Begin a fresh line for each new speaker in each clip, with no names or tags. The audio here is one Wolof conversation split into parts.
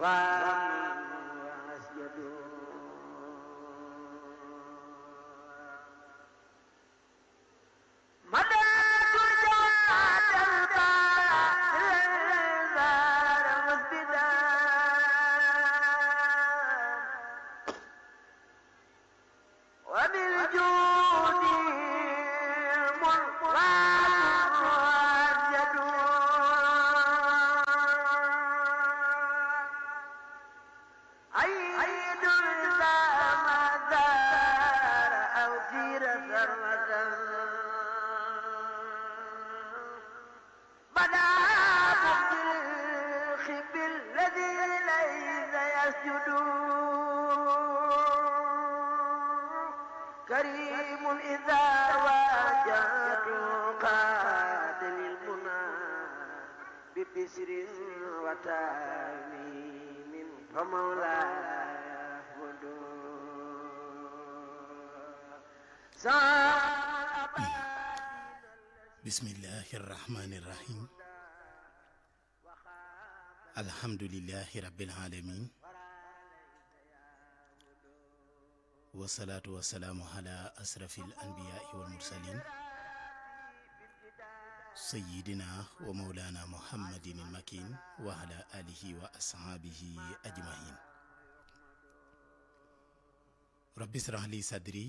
waa
rahmaani rahim alhamdulilahi rabbil alamin wasalaatu wasalaamu ala asrafil anbiyaai wal mursalin sayidina wa mawlaana muhammadin il makin wa ala alihi wa ashaabihi ajmain rabbi israh li sadri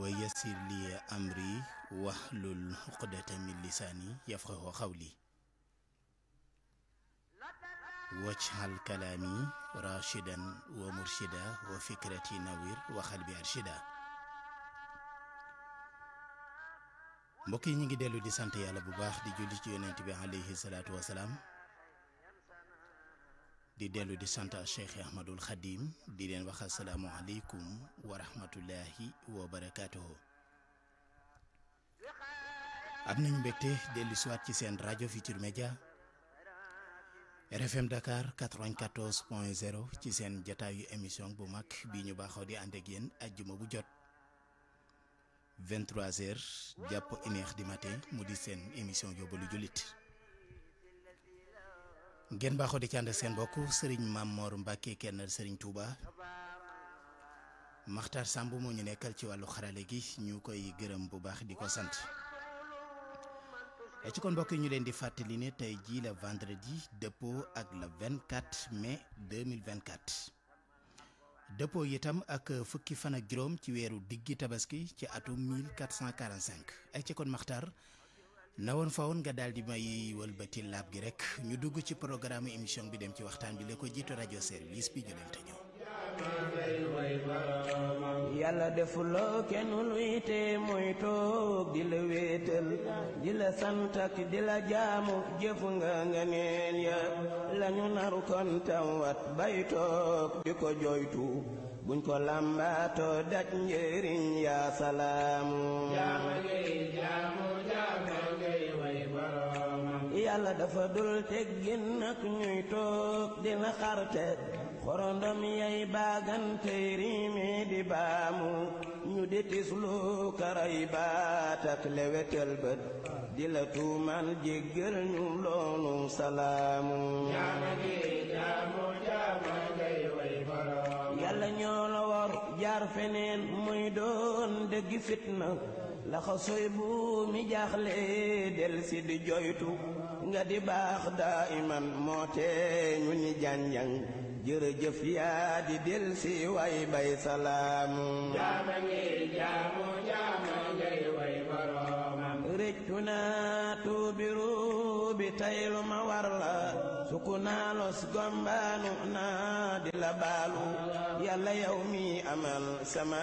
wa yassir li amri wahlul uqdata min lisaani yafqahu qawli wajhal kalaami rashidan wa murshida wa nawir wa arshida mbokk yi ñu ngi dellu di sant yàlla bu baax di julli ci yonent bi alayhi salaatu wasalaam di dellu di sant Cheikh Ahmadul Xadim di leen wax asalaamualeykum wa rahmatullahi wa barakaatuhu. am nañu mbégte dellu siwaat ci seen rajo Futur Media RFM Dakar 94 point 0 ci seen jataayu émission bu mag bi ñu baaxoo di ànd ak yéen ajjuma bu jot. 23h jàpp une heure matin mu di seen émission yóbbalu jullit. ngeen baaxoo di ci ànd ak seen mbokk sëriñ Maam Mor Mbacke kenn sëriñ Touba Makhtar Samb moo ñu nekkal ci wàllu xarale gi ñu koy gërëm bu baax di ko sant. ci kon mbokk yi ñu leen di fàttali ne tey jii la vendredi dëppoo ak le 24 mai 2024 dëppoo itam ak fukki fan ak juróom ci weeru diggi tabaski ci atum 1445 ay ci kon Makhtar. lawoon fa woon nga daal di may wëlbati laab gi rek ñu dugg ci programme émission bi dem ci waxtaan bi la ko jiitu rajo service bi ñu leen te ñëw.
yàlla defuloo kenn luy te mooy toog di la wéetal di la sant di la jaamu jëf nga nga neel ya lañu naru kon tawat bay toog di ko joytu buñ ko làmbaatoo daj njëriñ yaa salaamu yàlla dafa dul teggin nag ñuy toog dina xarte xorondom yay baagante riime di baamu ñu di tislu karay baat ak bët di la tuumal jéggal ñu loolu salaamu yàlla ñoo la war jaar feneen muy doon dëggi fitna laxasooy bu mi jaaxle del si di joytu nga di baax daa iman moo tee ñu ni jànjang jërëjëf yaa di del si way bay salaamu jaama jaamu jaama ngay way boroomam rëccu tuubiru bi tey ma war sukku naa los gombaanu naa di la baalu yàlla yow mi amal sama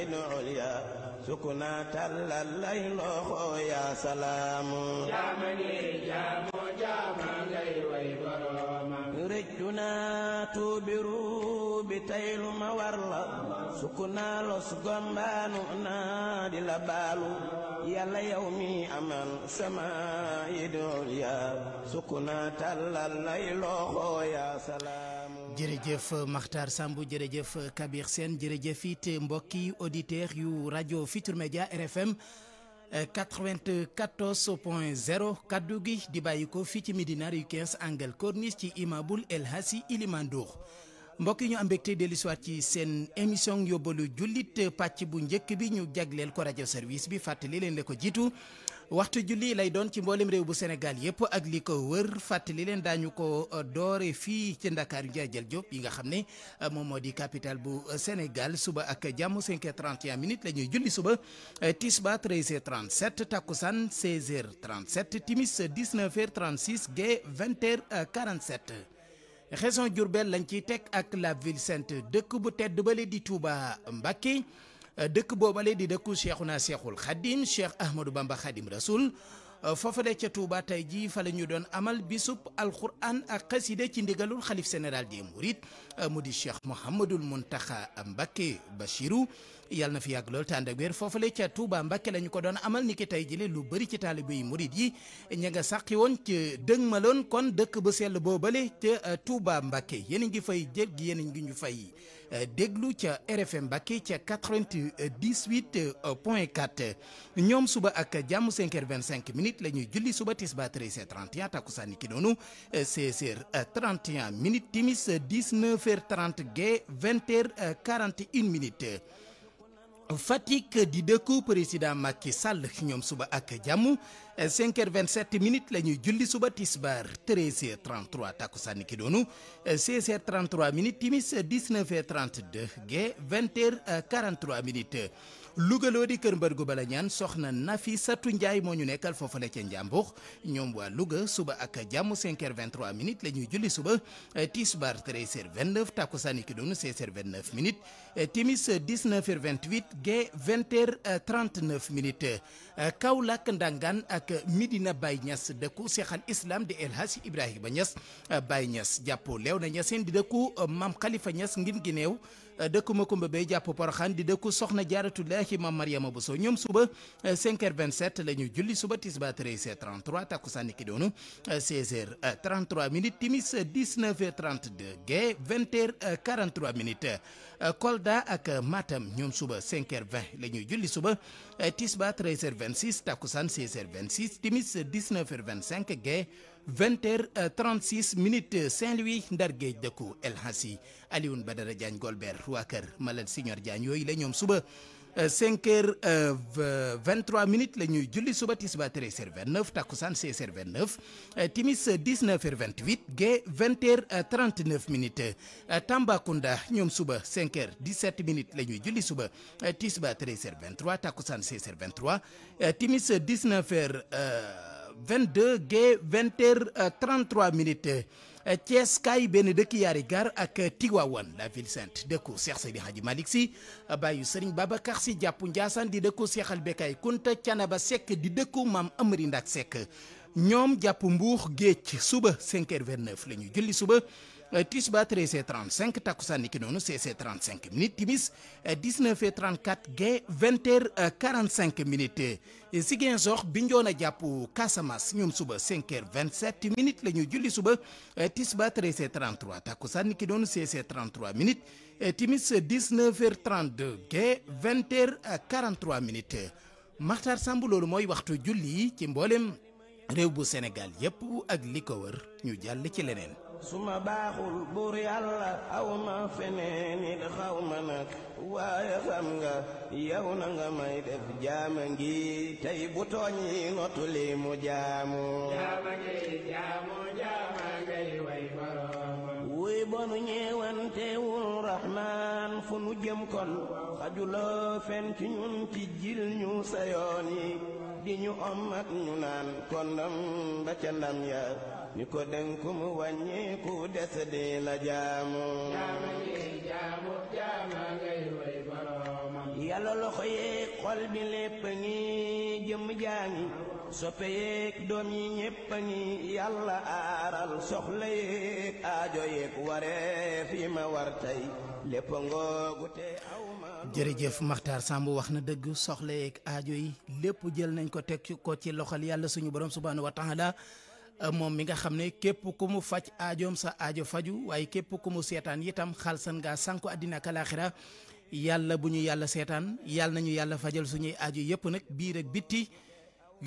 inu ulya sukuna tàllal lay yaa salaamu jaama ngir jaamu jaama way borooma rëccu naa taylu ma war la sukuna los gombaanu naa la baalu yàlla yow amal sama yi dool yaa sukuna
yaa salaamu jërëjëf euh, Makhtar Samb jërëjëf euh, Kabir Sène jërëjëf it euh, mbokki auditeurs yu rajo Futur Media RFM 94 point 0 kaddu gi di bàyyi ko fii ci Médina rue 15 angle corniche ci immeuble El Hadji Ilimandour mbokk yi ñu am mbégte dellusiwaat ci seen émission yóbbalu jullit pàcc bu njëkk bi ñu jagleel ko rajo service bi fàttali leen la ko jiitu. waxtu julli lay doon ci mboolem réew bu Sénégal yëpp ak li ko wër fàttali leen daañu ko euh, doore fii ci Ndakaaru Ndiaye Jël Diop yi nga xam ne euh, moom moo di capitale bu euh, Sénégal suba ak jàmm 5h31 minutes la ñuy julli suba Tisba 13h37 Takusan 16h37 Timis 19h36 Gée 20h47. région lañ ciy teg ak la ville sainte dëkk bu tedd bale di Touba Mbacké. Euh, dëkk booba boobale di dëkku Cheikhuna Cheikhul Khadim Cheikh Ahmadou Bamba Khadim Rasoul euh, foofale ca Touba tey jii fa la ñu doon amal bisub alquran ak xasida ci ndigalul xalif général des mourides euh, mu di Cheikh Mouhamadoul Mountakha Mbacké Bachirou yàlla na fi yàgg lool te ànd ak wér foofule ca Touba Mbacke la ñu ko doon amal niki tey jële lu bëri ci taalibe yi murid yi ña nga sàqi woon ci dëg maloon kon dëkk ba sell boobale ca euh, Touba Mbacke yéen a ngi fay jég gi yéen a ngi ñu fay euh, déglu ca RFM Mbacke ca 98 euh, point 4 ñoom suba ak jàmm 5 heures 25 la ñuy julli suba tisbaar 13 heures 31 takkusaan ki noonu 16 heures 31 minutes timis 19 heures 30 gee 20 heures 41 minutes Fatick di dëkku président Macky Sall ñoom suba ak jàmm 5h27 minutes la ñuy julli suba tisbaar 13h33 takkusaan ki doonu 16h33 minutes timis 19h32 ge 20h43 minutes. Louga loo di kër mbër gu bala ñaan soxna Nafisatu Njaay moo ñu nekkal foofale ca Njàmbur ñoom waa Louga suba ak jàmm 5h23 minutes la ñuy julli suba tisbaar 13h29 takkusaan ki doon 16h29 minutes eh, timis 19h28 gee 20h39 eh, minutes. Eh, Kaolack Ndangaan ak Medina Baye Niass dëkku Seexal Islam di El Hadji Ibrahima ñas eh, Baye Niass jàppoo Léona Niassène di dëkku eh, Maam Khalifa Niass ngin gineew dëkku Makumba Bay jàpp Poroxaan di dëkku Soxna Jaaratullaahi Maam Mariama Bousso ñoom suba 5h27 la ñu julli suba tisbaar 13h33 takkusaan niki doonu 16h33 minutes timis 19h32 gee 20h43 minutes Euh, Kolda ak Matam ñoom suba 5 h la ñuy julli suba euh, Tisba 13h26 Takusan 16h26 Timis 19h25 Gee 20h36 minutes Saint-Louis Ndar Géej dëkku El Hassi Alioune Badara Diagne Golbert waa kër Malal Signor Diagne yooyu la ñoom suba. Euh, cinq heures euh, vingt trois minutes la ñuy julli suba tisbaar treize heures vingt neuf takkusaan seize heures vingt neuf euh, timis dix neuf heures vingt huit gée vingt heures trente neuf minutes Tambacounda ñoom suba cinq heures dix sept minutes la ñuy julli suba tisbaar treize heures vingt trois takkusaan seize heures vingt trois timis dix neuf heures vingt deux gée vingt heures trente trois minutes. Euh, Thiès kaay benn dëkk yaari gar ak euh, Tiwaawan la ville sainte dëkku Cheikh Seydi Hadji Malick Sy euh, bàyyu Serigne Babacar si jàpp Ndiassane di dëkku Cheikh Albekaay Kunta Canaba sekk di dëkku maam Amari Ndak Seck ñoom jàpp Mbuur Géej suba 5h29 la ñu julli suba. Tisba 13h35 takkusaan niki noonu 16h35 minutes timis 19h34 gée 20h45 minutes Ziguinchor Bignona jàpp Casamance ñoom suba 5h27 minutes la ñu julli suba Tisba 13h33 takkusaan niki noonu 16h33 minutes timis 19h32 gée 20h43 minutes Makhtar Samb loolu mooy waxtu julli yi ci mboolem réew bu senegal yépp ak li ko wër ñu jàll ci leneen.
suma ma baaxul buur yàlla aw ma feneen it waaye xam nga yow na nga may def jaama ngi tey bu tooñ yi mu jaamu jaama ngi jaamu jaama ngay way borom wuy bonu ñeewantewul rahmaan fu nu jëm kon xajuloo fen ci ñun ci jil ñu sa yoon di ñu om ñu naan kondam ba ca ya ñi ko denku mu wàññiku des di la jaamu yàlla loxo yeeg xol bi lépp a ngi jëm jaa ngi soppe yeeg doom yi ñépp a ngi yàlla aaral soxla yeeg aajo yeeg wareef yi ma war tey lépp ngoogu te
aw ma jërëjëf Makhtar Samb wax na dëgg soxla yeeg aajo yi lépp jël nañ ko teg ko ci loxol yàlla suñu borom subhaanahu wa taala Euh, moom mi nga xam ne képp ku mu faj aajoom sa aajo faju waaye képp ku mu seetaan itam xalsan ngaa sànku àddina ak yàlla bu ñu yàlla seetaan yàlla nañu yàlla fajal suñuy aajo yëpp nag biir ak bitti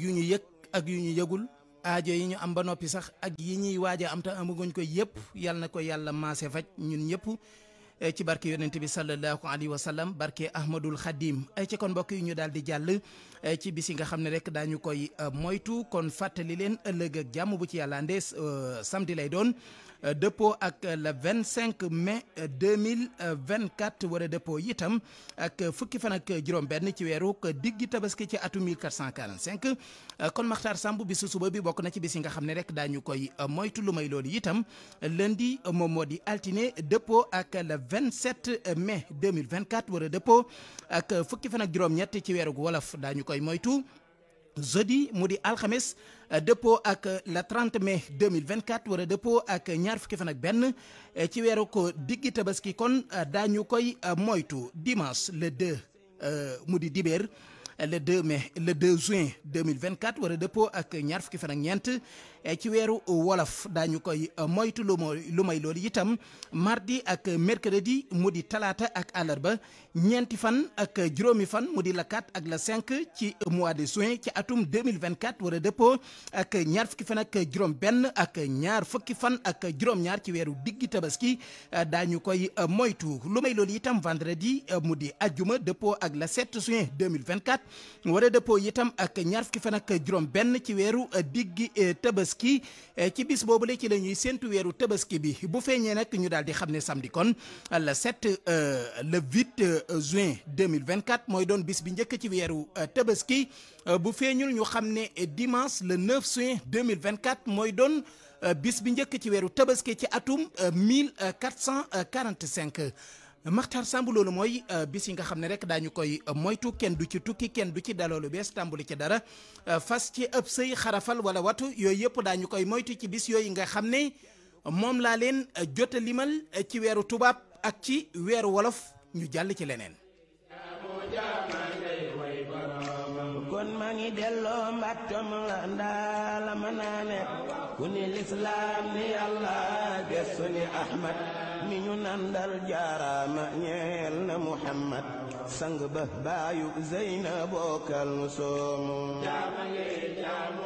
yu ñu yëg ak yu ñu yëgul aajo yi ñu am ba noppi sax ak yi ñuy waaj a am te amaguñ ko yëpp yàlla na ko yàlla maase faj ñun ñëpp. Eh, ci barke yonent bi sallallahu alayhi wa sallam barke Ahmadul Xadim ay eh, ci kon mbokk yu ñu daal di jàll eh, ci bis yi nga xam ne rek daañu koy moytu kon fàttali leen ëllëg ak jàmm bu ci yàlla ndees samedi lay doon. Euh, dëppoo ak euh, le vingt cinq mai euh, deux mille vingt quatre wala dëppoo itam ak fukki fan ak juróom-benn ci weeru diggi tabaski ci atum mille quatre cent quarante cinq kon Makhtar Samb bisu suba bi bokk na ci bis yi nga xam ne rek daañu koy moytu lu may loolu itam lundi moom moo di altine dëppoo ak le vingt sept mai deux mille vingt quatre wala dëppoo ak fukki fanak ak juróom-ñett ci weeru wolof daañu koy moytu. jeudi mu di alxames euh, dëppoo ak euh, la 30 mai 2024 wala dëppoo ak ñaar fukki fanak benn euh, ci weeru ko diggi tabaski kon daañu koy moytu dimanche le 2 mu di dibéer le 2 mai le 2 juin 2024 wala dëppoo ak ñaar fukki fanak ñeent Eh, ci weeru wolof daañu koy eh, moytu lu lu may loolu itam mardi ak mercredi mu di talaata ak àllarba ñeenti fan ak juróomi fan mu di la 4 ak la 5 ci mois de juin ci atum 2024 wara dëppoo ak ñaar fukki fan ak juróom benn ak ñaar fukki fan ak juróom weeru diggi tabaski eh, daañu koy moytu lu may loolu itam vendredi mu di ajjuma dëppoo ak la 7 juin 2024 wara dëppoo itam ak ñaar fukki fan ak juróom benn ci weeru diggi tabaski tabaski eh, ci bis boobu ci la ñuy weeru tabaski bi bu feeñee nag ñu daal di xam ne samedi kon euh, le 7 euh, le 8 euh, juin 2024 mooy doon bis bi njëkk ci weeru tabaski bu feeñul ñu xam ne dimanche le 9 juin 2024 mooy doon. bis bi njëkk ci weeru tabaski ci atum 1445 Makhtar Samb loolu mooy euh, bis yi nga xam ne rek daañu koy euh, moytu kenn du ci tukki kenn du ci daloolu bees tàmbali ci dara euh, fas ci ëpp sëy xarafal wala watu yooyu yépp daañu koy moytu ci bis yooyu nga xam ne moom laa leen jot a limal ci weeru tubaab ak ci weeru wolof ñu jàll ci leneen.
kon maa ngi delloo mbàttam la ndaa la ma naa ku ne lislaam ni allah gestu ni ahmad mi ñu nandal jaaraama ñeel na muhammad sang ba baayu zeyna bokkal mu soomu jaama ngee jaamu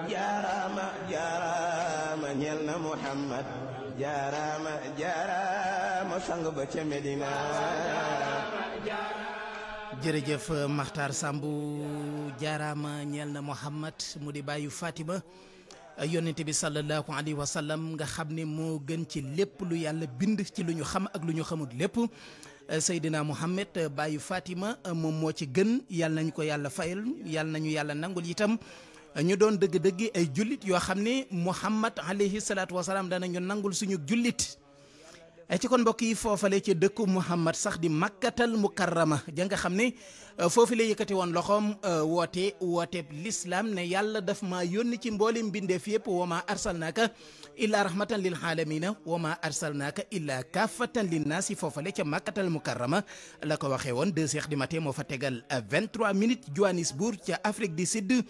na muhammad jaaraama jaaraama sang ba ca medina
jërëjëf Makhtar Samb jaaraama ñeel na muhammad mu di bàyyu faatima yonente bi sallallahu alayhi wa nga xam ne moo gën ci lépp lu yàlla bind ci lu ñu xam ak lu ñu xamul lépp Seydina Muhammad bàyyu Fatima moom moo ci gën yàlla nañ ko yàlla fayal yàlla nañu yàlla nangul itam ñu doon dëgg-dëgg ay jullit yoo xam ne Muhammad alayhi salaatu wa salaam dana ñu nangul suñu jullit eh, ci kon mbokk yi foofale ci dëkku Muhammad sax di makkatal mukarrama ja nga xam ne eh, foofu la yëkkati woon loxoom eh, woote wooteeb lislaam ne yàlla daf maa yónni ci mboolem mbindeef yëpp wa maa arsalnaaka illaa rahmatan lil aalamina wa ma arsalnaaka illaa kaafatan linnaasi foofale ca màkkatal mukarrama la ko waxee woon deux heures du matin moo fa tegal 23 euh, minutes Johannesburg ca Afrique di Sud une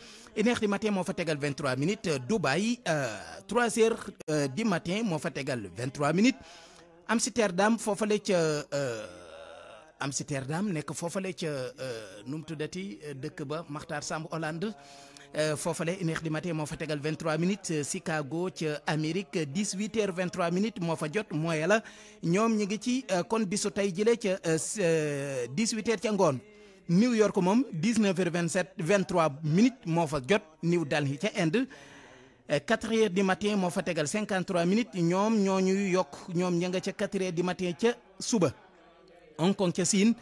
heure matin moo fa tegal 23 minutes Dubaï 3 heures du matin moo fa tegal 23 euh, euh, minutes Amsterdam foofale ca Amsterdam nekk foofale ca nu mu tuddati dëkk ba Maxtaar Samb Hollande Euh, foofale une heure du matin moo fa tegal 23 minutes euh, Chicago ca Amérique 18 heures 23 minutes moo fa jot mooy la ñoom ñu ngi ci euh, kon bisu tey jëlee ca 18 heures ca ngoon New York moom 19 heures 27 23 minutes moo fa jot New Delhi ca Inde. 4 di du matin moo fa tegal 53 minutes ñoom ñoo ñuy yokk ñoom ña nga ca 4 heures du matin ca suba Hong Kong ca Siin.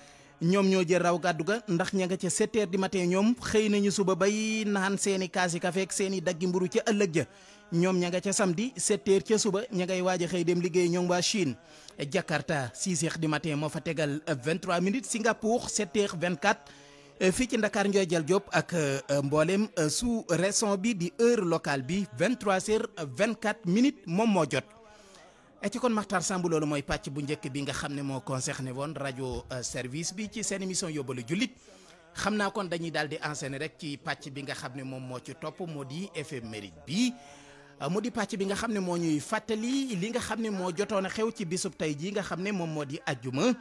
ñoom ñoo jël raw gàddu ga ndax ña nga ca 7 heures du matin ñoom xëy nañu suba bay naan seeni i kaasi kafe seen i daggi mburu ca ëllëg ja ñoom ña nga ca samedi 7 ca suba ña ngay waaj xëy dem liggéey ñoom waa Chine Jakarta 6 heures di matin moo fa tegal 23 minutes Singapour 7 heures 24 euh, fii ci Ndakaar Ndiol jal Diop ak euh, mbooleem euh, su raison bi di heure locale bi 23 heures 24 minutes moom moo jot. et ci kon Makhtar Samb loolu mooy pàcc bu njëkk bi nga xam ne moo concerné woon rajo euh, service bi ci seen émission yóbbalu jullit xam naa kon dañuy daal di enseigné rek ci pàcc bi nga xam ne moom moo ci topp moo di éphéméride bi euh, mu di pàcc bi nga xam ne moo ñuy fàttali li nga xam ne moo jotoon a xew ci bisub tey jii nga xam ne moom moo di ajjuma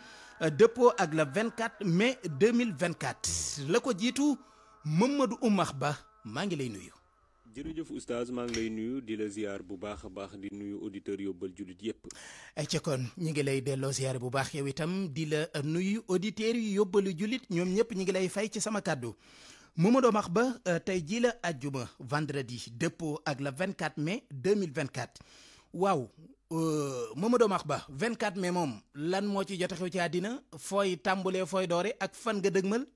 euh, dëppoo ak le 24 mai 2024 la ko jiitu Mamadou Oumar Ba maa ngi lay nuyu.
jërëjëf oustaz maa ngi lay nuyu di la ziar bu baax a baax di nuyu auditeurs
yóbbal jullit yépp ay ca kon ñu ngi lay delloo ziar bu baax yow itam di la nuyu auditeurs yi yóbbalu jullit ñoom ñëpp ñu ngi lay fay ci sama kàddu Momadou ba euh, tey jii la ajjuma vendredi dëppoo ak le mille vingt 2024 waaw ba vingt 24 mais moom lan moo ci jot ci àddina fooy tàmbalee fooy doore ak fan nga dëgmal.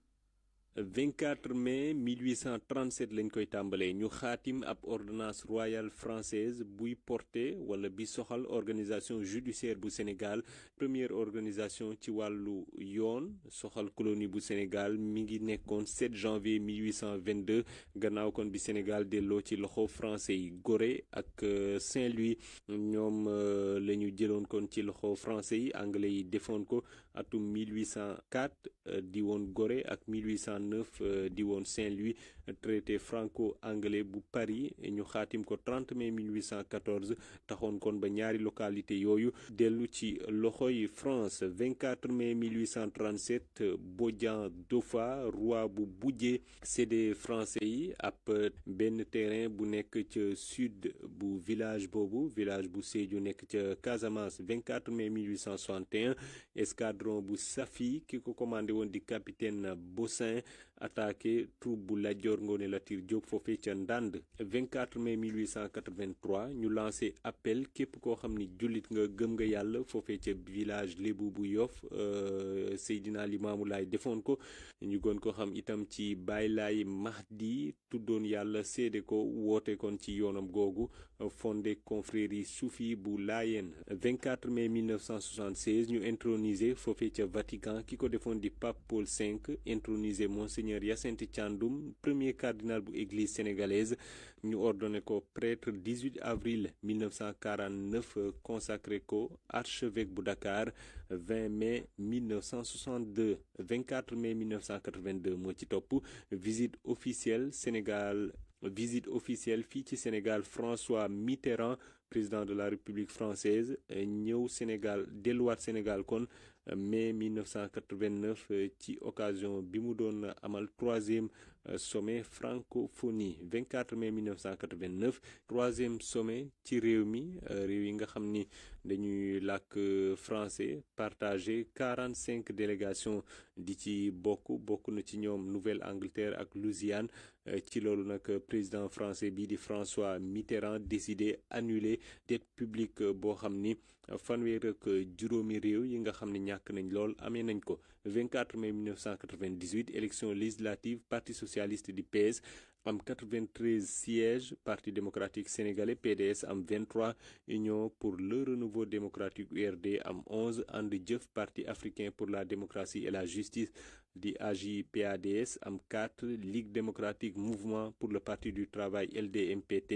24 mai 1837 lañ koy tàmbalee ñu xaatim ab ordonnance royale française buy porté wala bi soxal organisation judiciaire bu Sénégal première organisation ci wàllu yoon soxal colonie bu Sénégal mi ngi nekkoon 7 janvier 1822 gannaaw kon bi Sénégal delloo ci loxo français yi Gorée ak euh, Saint-Louis ñoom euh, la ñu jëloon kon ci loxo français yi anglais yi defoon ko atum 1804 di woon Gorée ak 1809 di woon Saint-Louis euh, traité franco-anglais bu Paris ñu xaatim ko 30 mai 1814 taxoon kon ba ñaari localité yooyu dellu ci loxoy France 24 mai 1837 euh, Bodian Daupha roi bu Bujee cédé français yi ab euh, benn terrain bu nekk ca sud bu village boobu village bu Sédhiou nekk ca Casamance 24 mai 1861 escadre escadron bu Safi ki ko commandé woon di capitaine Bossin attaqué troupe bu Lat Joor Ngoone Latiir Jóob foofee ca Ndànd 24 mai 1883 ñu lancé appel képp koo xam ni jullit nga gëm nga yàlla foofee ca village lébu bu Yoff euh, Seydina Limaamu Laay defoon ko ñu gën ko xam itam ci Baay Laay Mahdi tuddoon yàlla séede ko woote kon ci yoonam googu euh, fondé confrérie soufi bu Laayeen 24 mai 1976 ñu intronisé foofee ca Vatican ki ko defoon di Pape Paul V intronisé monseigneur Hyacinthe Thiandoum premier cardinal bu église sénégalaise ñu ordonné ko prêtre 18 avril 1949 consacré ko archevêque bu Dakar 20 mai 1962 24 mai 1982 moo ci topp visite officielle Sénégal visite officielle fii ci Sénégal François Mitterrand président de la République française ñëw Sénégal delluwaat Sénégal kon mai 1989 euh, ci occasion bi mu doon amal troisième euh, sommet francophonie 24 mai 1989 troisième sommet ci réew mi euh, réew yi nga xam ni dañuy làkk français partagé 45 délégations di ci bokk bokk na ci ñoom Nouvelle-Angleterre ak Louisiane euh, ci loolu nag euh, président français bii di François Mitterrand décidé annuler dette publique euh, boo xam ni fanweer ak juróomi réew yi nga xam ne ñàkk nañ lool amee nañ ko 24 mai 1998 élection législative parti socialiste di PS am 93 sièges parti démocratique sénégalais PDS am 23 union pour le renouveau démocratique URD am 11 ànd jëf parti africain pour la démocratie et la justice di AJ/PADS am 4 ligue démocratique mouvement pour le parti du travail LDMPT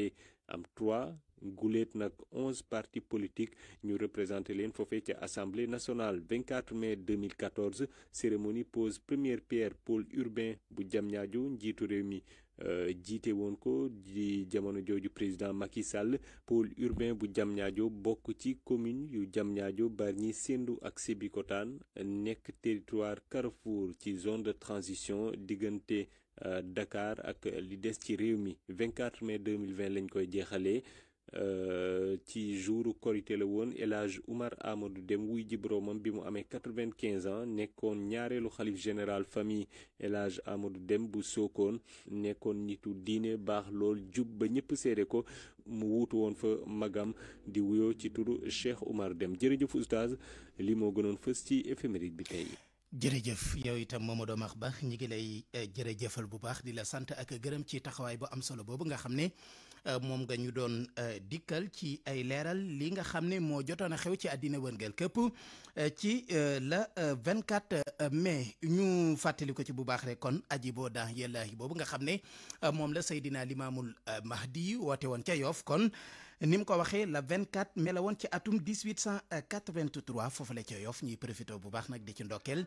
am 3 guléet nag 11 partis politiques ñu représenté leen foofee ca assemblée nationale 24 mai 2014 cérémonie pose première pierre pôle urbain bu Diamniadio njiitu réew mi Euh, jiite woon ko di jamono jooju président Macky Sall pôle urbain bu Diamniadio bokk ci commune yu Diamniadio ñi Sendou ak Sébikotane nekk territoire Carrefour ci zone de transition diggante euh, Dakar ak li des ci réew mi 24 mai 2020 lañ koy jeexalee ci jouru korite la woon El Hadj Oumar Amadou Dem wuy ji boroomam bi mu amee quatre-vingt-quinze ans nekkoon ñaareelu xalif général famille El amadu Dem bu sookoon nekkoon nitu diine baax lool jub ba ñëpp seede ko mu wuutu woon fa magam di wuyoo ci turu Cheikh Oumar Dem jërëjëf oustaz li moo gënoon fës ci éphéméride bi tey.
jërëjëf yow itam Mamadou Max baax ñu ngi lay eh, jërëjëfal bu baax di la sant ak gërëm ci taxawaay bu am solo boobu nga xam ne. Euh, moom nga ñu doon euh, dikkal ci ay leeral li nga xam ne moo jotoon a xew ci àddina wërngël këpp euh, ci la 24 mai ñu fàttali ko ci bu baax rek kon aji boo daan yellaahi boobu nga xam ne moom la Seydina Limaamul Mahdi woote woon ca yoof kon ni mu ko waxee la 24 mai la ci atum 1883 foofu la ca Yoff ñuy profité bu baax nag di ci ndokkeel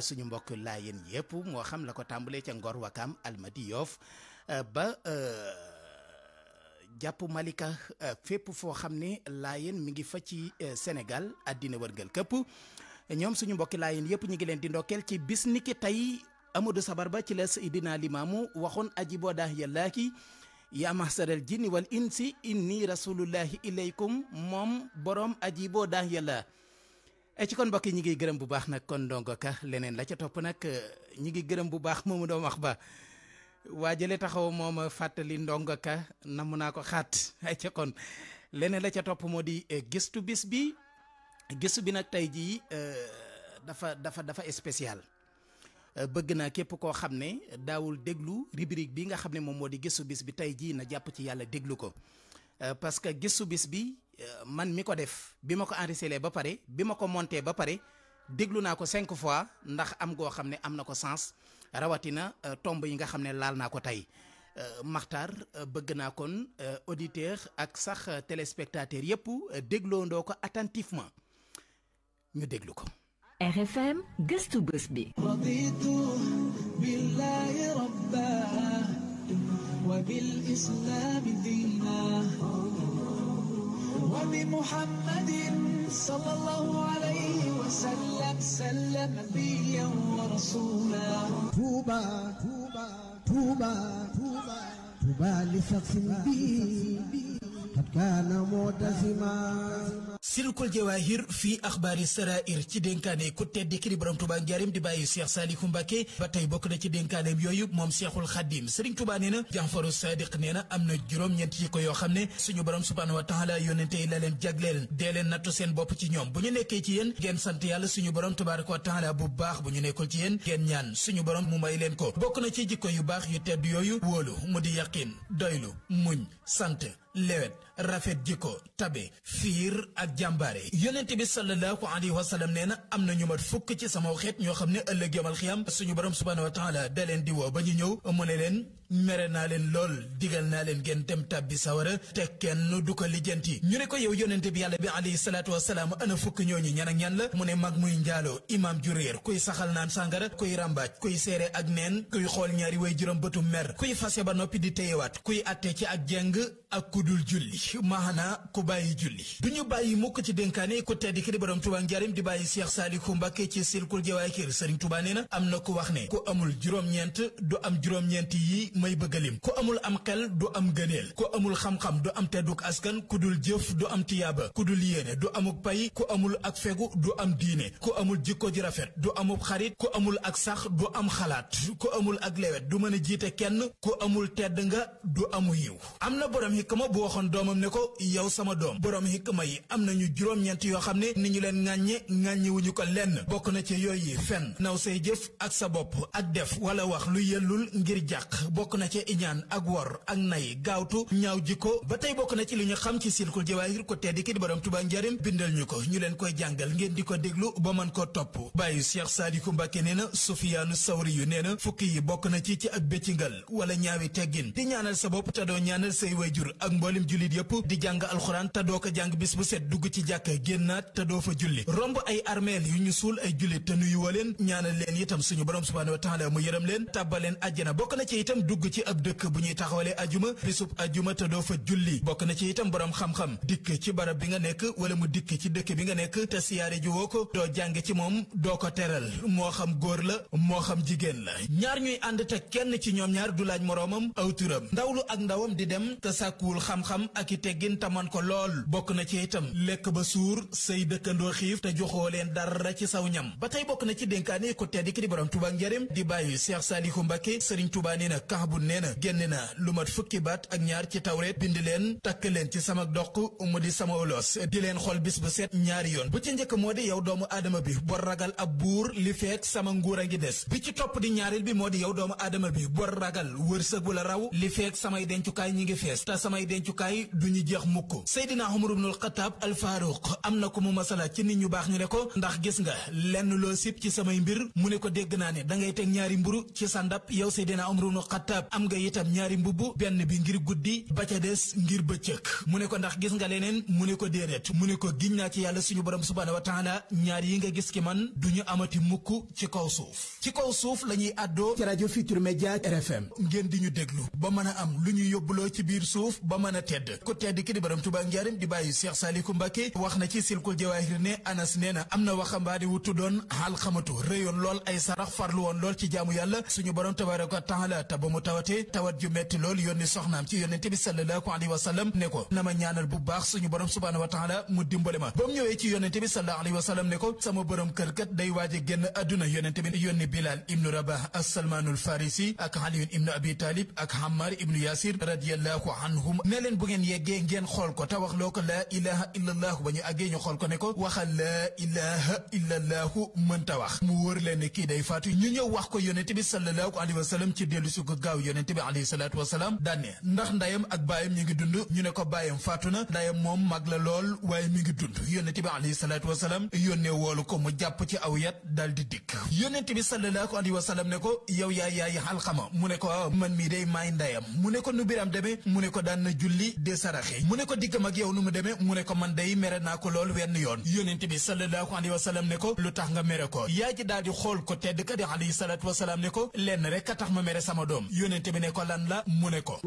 suñu mbokk laayeen yépp moo xam la ko tàmbalee ca Ngor Wakam Almadi Yoff ba jàpp Malika euh, fépp foo xam ne laayeen mi ngi fa ci euh, senegal àddina wërngal këpp ñoom suñu mbokki laayeen yëpp ñu ngi leen di ndokkeel ci bis ni ki tey Amadou Sabar ba ci la Seydina Limaamu waxoon aji boo daa yàllaaki yaa mahsaral jinni wal insi inni rasulullahi ilaykum moom borom aji boo daa yàlla e ci kon mbokk yi ñu ngi gërëm bu baax nag kon ndongo leneen la ca topp nag euh, ñu ngi gërëm bu baax moomu doom wax ba waa jële taxaw moom a fàttali ndongo ka namu naa ko xaat ay ca kon leneen la ca topp moo di eh, gëstu bis bi gëstu bi nag tey jii eh, dafa dafa dafa spécial eh, bëgg naa képp koo xam ne daawul déglu rubrique bi nga xam ne moom moo di gëstu bis bi tey jii na jàpp ci yàlla déglu ko parce que gëstu bis bi man mi ko def bi ma ko enregistré ba pare bi ma ko monté ba pare déglu naa ko cinq fois ndax am goo xam ne am na ko sens rawatina euh, tomb yi nga xam ne laal naa ko tey euh, Maxtar euh, bëgg naa kon auditeur ak sax téléspectateur yépp dégloondoo ko attentivement ñu déglu ko RFM gëstu bés bi raditu billahi rabba wa
bil islami diina وسلم سلم نبيا ورسولا طوبى طوبى طوبى طوبى طوبى لشخص به
sirkul jawaahir fii axbaari sarair ci dénkaane ku tedd ki di borom Tuubaa njaarim di bàyyi Cheikh Saalihu Mbàkke ba tey bokk na ci dénkaaneem yooyu moom Cheikhul Xadim Sëriñ Tuubaa nee na Jaafaru Saadiq nee na am na juróom-ñeent yi ko yoo xam ne suñu borom subaana wa taala yónnente yi la leen jagleel dee leen nattu seen bopp ci ñoom bu ñu nekkee ci yéen ngeen sant yàlla suñu borom tabaaraka wa taala bu baax bu ñu nekkul ci yéen ngeen ñaan suñu borom mu may leen ko bokk na ci jikko yu baax yu tedd yooyu wóolu mu di yaqin doylu muñ sant lewet rafet jikko tabe fiir ak jàmbaare yonent bi sallallahu alayhi wa sallam nee na am na ñu mat fukk ci sama xeet ñoo xam ne ëllëg yomal xiyam suñu borom subhaanahu wa taala da leen di woo ba ñu ñëw mu ne leen mere naa leen lool digal naa leen ngeen dem tàbbi sawara te kenn du ko lijjanti ñu ne ko yow yonent bi yàlla bi alayhi salaatu wasalaam ana fukk ñooñu ñan ak ñan la mu ne mag muy njaaloo imaam ju réer kuy saxal naan sàngara kuy ràmbaaj kuy seere ak neen kuy xool ñaari way juróom bëtu mer kuy fase ba noppi di téyewaat kuy atte ci ak jeng ak kudul julli maana ku bàyyi julli du ñu bàyyi mukk ci dénkaane ku tedd ki di borom Tuubaa njarim di bàyyi Seex Saalihu Mbàkke ci silkul jawaay kër Sëriñ Tuubaa na am na ku wax ne ku amul juróom-ñeent du am juróom-ñeent yi may bëggalim ku amul am xel du am gëneel ku amul xam-xam du am tedduk askan ku dul jëf du am tiyaaba ku dul yéene du amuk pay ku amul ak fegu du am diine ku amul jikko ji rafet du amub xarit ku amul ak sax du am xalaat ku amul ak lewet du mën a jiite kenn ku amul tedd nga du am na doomam ne ko yow sama doom boroom xikma yi am nañu juróom-ñeent yoo xam ne ni ñu leen ŋàññe ŋàññewuñu ko lenn bokk na ci yooyu fen naw say jëf ak sa bopp ak def wala wax lu yellul ngir jàq bokk na ci iñaan ak wor ak nay gaawtu ñaaw jikko ba tey bokk na ci li ñu xam ci silkul jawaahir ko tedd ki di boroom Tuubaa njariñ bindal ñu ko ñu leen koy jàngal ngeen di ko déglu ba man koo topp bàyyi Cheikh Sadiko Mbàkke nee na Sufiyaanu Sawri yu nee na fukki yi bokk na ci ci ak béccingal wala ñaawi teggin di ñaanal sa bopp te doo ñaanal say wayjur ak mboolim bépp di jàng alxuraan te doo ko jàng bis bu set dugg te doo fa julli romb ay armeel yu ñu suul ay jullit te nuyu woo leen ñaanal leen itam suñu borom subhaana wa taala mu yërëm bokk na ci itam dugg ci dëkk bu ñuy taxawalee ajuma bisub ajuma te doo fa julli bokk na ci itam borom xam-xam dikk ci barab bi nga nekk wala mu dikk ci dëkk bi nga nekk te siyaare ji woo ko doo jàng ci moom doo ko teral moo xam góor la moo xam jigéen la ñaar ñuy ànd te kenn ci ñoom ñaar du laaj moroomam aw turam ndawlu ak ndawam di dem te sàkkuwul xam-xam ak ki teggin taman ko lool bokk na ci itam lekk ba suur say dëkkandoo xiif te joxoo leen dara ci saw ñam ba tey bokk na ci dénkaane ku tedd ki di borom Touba njërim di bàyyi Cheikh Saliou Mbacké Serigne Touba nee na Kaabul ne na génne na lu mat fukki baat ak ñaar ci tawreet bind leen takk leen ci sama doq mu di sama olos di leen xool bis ba set ñaari yoon bu ci njëkk moo di yow doomu aadama bi bor ragal ab buur li feek sama nguur a ngi des bi ci topp di ñaareel bi moo di yow doomu aadama bi bor ragal wërsëg bu la raw li feek samay dencukaay ñi ngi fees duñu jeex mukk Seydina Umar ibnul Xataab al Faaruq am na ko mu masala ci nit ñu baax ñu ne ko ndax gis nga lenn loo sib ci samay mbir mu ne ko dégg naa ne dangay teg ñaari mburu ci sandap yow Seydina Umar ibnul Xataab am nga itam ñaari mbubb benn bi ngir guddi ba ca des ngir bëccëg mu ne ko ndax gis nga leneen mu ne ko déedéet mu ne ko giñ naa ci yàlla suñu borom subhaanahu wa taala ñaar yi nga gis ki man duñu amati mukk ci kaw suuf ci kaw suuf lañuy àddoo ci rajo Futurs Médias ngeen di ñu déglu ba mën a am suuf ba mën ku tedd di borom Tuubaa njaarim di bàyyi Cheikh Saliku Mbàkke ci silkul jawaahir ne anas nee na am na waxambaane wu xamatu réyoon lool ay sarax farlu lool ci jaamu yàlla suñu borom tabaraka taala tawat ju metti lool yónni soxnaam ci yónnente bi sallallahu alayhi wa sallam ne ko na ma ñaanal bu baax suñu borom subhaanahu wa taala mu dimbale ma ba mu ñëwee ci yónnente bi sallallahu alayhi wa sallam ne ko sama borom kër kat day waaje génn àdduna yónnente yeggee ngeen xool ko te wax loo ko laa ilaha illallah ba ñu àggee ñu xool ko ne ko waxal laa ilaha illallahu mënta wax mu wóor leen ne kii day faatu ñu ñëw wax ko yonent bi sallallahu alayhi wa sallam ci dellu su ko gaaw yonent bi alayhi salaatu wa salaam daanne ndax ndayam ak baayam ñu ngi dund ñu ne ko baayam faatu na ndayam moom mag la lool waaye mi ngi dund yonent bi alayhi salaatu wa salaam yónnee woolu ko mu jàpp ci aw yat daal di dikk yonent bi sallallahu alayhi wa sallam ne ko yow yaa yaay alxama mu ne ko man mii day maay ndayam saraxe mu ne ko diggam ak yow nu mu demee mu ne ko man day mere naa ko lool wenn yoon yónent bi sallallahu alayhi wa sallam ne ko lu tax nga mere koo yaa ji daal di xool ko tedd ka di alayhi salaatu salaam ne ko lenn rek a tax ma mere sama doom yónent bi ne ko lan la mu ne ko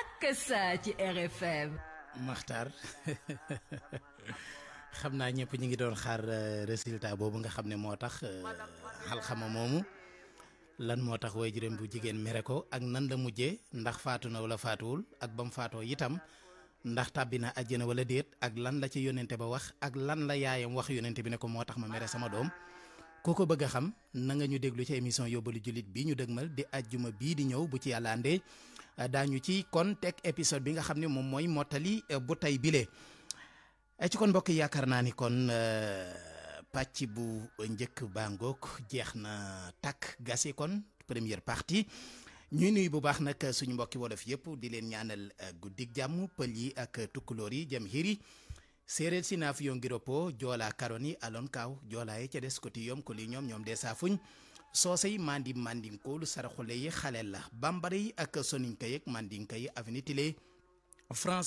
ak sa ci RFM
Maxtar xam naa ñëpp ñu ngi doon xaar euh, résultat boobu nga xam ne moo tax euh, alxama moomu lan moo tax way juróom bu jigéen mere ko ak nan la mujjee ndax faatu na wala faatuwul ak ba faatoo itam ndax tàbbi na àjjana wala déet ak lan la ci yónnente ba wax ak lan la yaayam wax yónnente bi ne ko moo tax ma mere sama doom ko bëgg a xam na nga ñu déglu ci émission yóbbalu jullit bi ñu dëgmal di àjjuma bii di ñëw bu ci yàlla àndee daañu ci kon teg épisode bi nga xam ne moom mooy mottali euh, bu tay bile. ay eh, ci kon mbokk yaakaar naa ni kon euh, pàcc bu njëkk bangook jeex na takk yi kon première partie ñuy nuy bu baax nag suñu mbokki wolof yëpp di leen ñaanal euh, guddig jàmm pël yi ak tukkulóor yi jëm xiir yi séeréer si naaf yo joola joolaa karon yi alon kaaw joolaa yi ca des koti yom ko li ñoom ñoom dee saafuñ soose yi mandim mandinkoolu saraxule yi xaleel la bambara yi ak soninka yi ak mandinka yi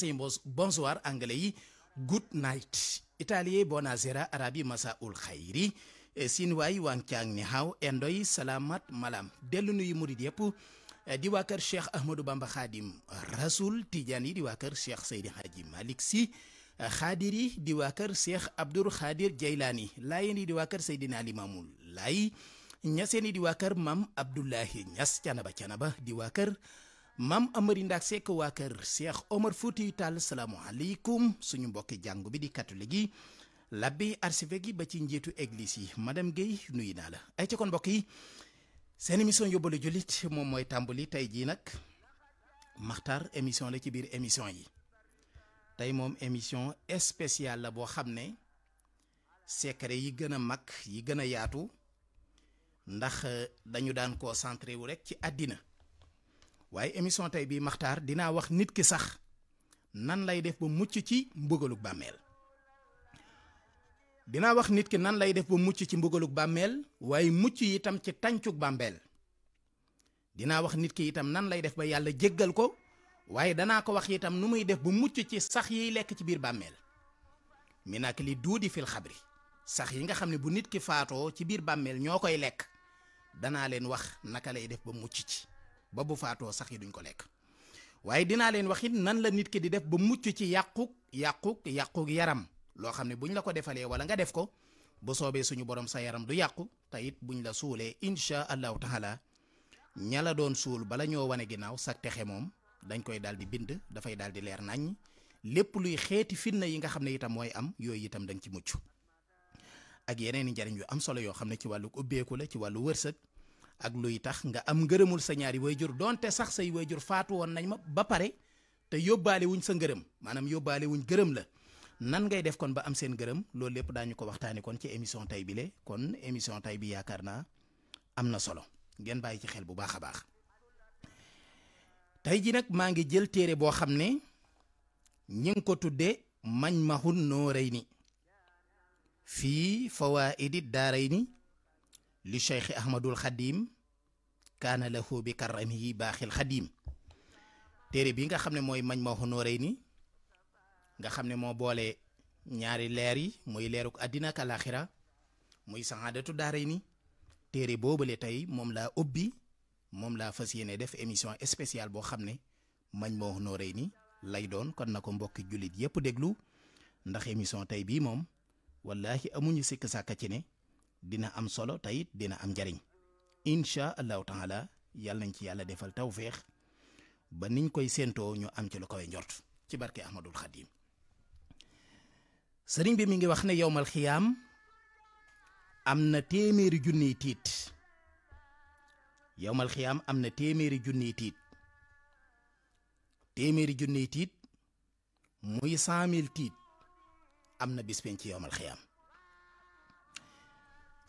yi bonsoir anglais yi good night italiye bonasera arabi masa ul xayri eh, sinwaay wangcang ni haw endoy salamat malam dellu nuyu murid yëpp eh, di waa kër cheikh bamba xaadim rasoul tidiane yi di waa kër cheikh seydi haji malik si xaadir eh, yi di waa kër cheikh abdoul xaadir jaylaani yi di waa kër seydina limaamul laay yi di waa mam abdoulahi ñas canaba canaba di waa maam Amary Ndack Seck waa kër Cheikh Omar Foutiyou Tall salaamualeykum suñu mbokki jàngu bi di catholique yi labbi archevêque yi ba ci njiitu église yi madame Guèye nuyu naa la ay ca kon mbokk yi seen émission yóbbalu jullit moom mooy tàmbali tey jii nag maxtaar émission la ci biir émission yi tey moom émission spéciale la boo xam ne secret yi gën a mag yi gën a yaatu ndax dañu daan ko centré wu rek ci àddina waaye émission tey bii maxtaar dinaa wax nit ki sax nan lay def ba mucc ci mbugaluk bàmmeel dinaa wax nit ki nan lay def mucc ci mbugaluk bàmmeel waaye mucc itam ci tàncuk bàmbeel dinaa wax nit ki itam nan lay def ba yàlla jéggal ko waaye danaa ko wax itam nu muy def ba mucc ci sax yiy lekk ci biir bàmmeel mi nak li duudi fil xabri sax yi nga xam ne bu nit ki faatoo ci biir bàmmeel ñoo koy lekk danaa leen wax naka lay def ba mucc ci ba bu faatoo sax yi duñ ko lekk waaye dinaa leen wax it nan la nit ki di def ba mucc ci yàquk yàquk yàquk yaram loo xam ne buñ la ko defalee wala nga def ko bu soobee suñu borom sa yaram du yàqu te it buñ la suulee incha allahu taala ña la doon suul bala ñoo wane ginnaaw sa texe moom dañ koy daal di bind dafay daal di leer nàññ lépp luy xeeti fitna yi nga xam ne itam mooy am yooyu itam dañ ci mucc ak yeneen i njariñ yu am solo yoo xam ne ci wàllu ubbeeku la ci wàllu wërsëg ak luy tax nga am ngërëmul sa ñaari jur donte sax say wayjur faatu woon nañ ma ba pare te yóbbaale wuñ sa ngërëm maanaam yóbbaale wuñ gërëm la nan ngay def kon ba am seen ngërëm loolu lépp daañu ko waxtaanee kon ci émission tay bi le kon émission tay bi yaakaar naa am na solo ngeen bàyyi ci xel bu baax a baax tey ji nag maa ngi jël téere boo xam ne ñi ngi ko tuddee mañ Majmahun ni fii fawaa'idi daarayni li cheikh ahmadul xadim kaana lahu bi karamihi baaxil xadim téere bi nga xam ne mooy mañ Majmahun Nurayni nga xam ne moo boole ñaari leer yi muy leeruk àddina ak alaaxira muy saxaadatu daaray ni téere boobale tey moom laa ubbi moom laa fas yéene def émission spéciale boo xam ne mañ Majmahun Nurayni lay doon kon na ko mbokki jullit yépp déglu ndax émission tey bii moom wallaahi amuñu sikk sàkka ci ne dina am solo te it dina am njariñ incha allahu taala yàlla nañ ci yàlla defal tawféex ba niñ koy séentoo ñu am ci lu koy njort ci barke Ahmadul Xadim sëriñ bi mi ngi wax ne yowmal xiyaam am na téeméeri junniy tiit yowmal xiyaam am na téeméeri junniy tiit téeméeri junniy tiit muy mille tiit am na bis ci yowmal xiyaam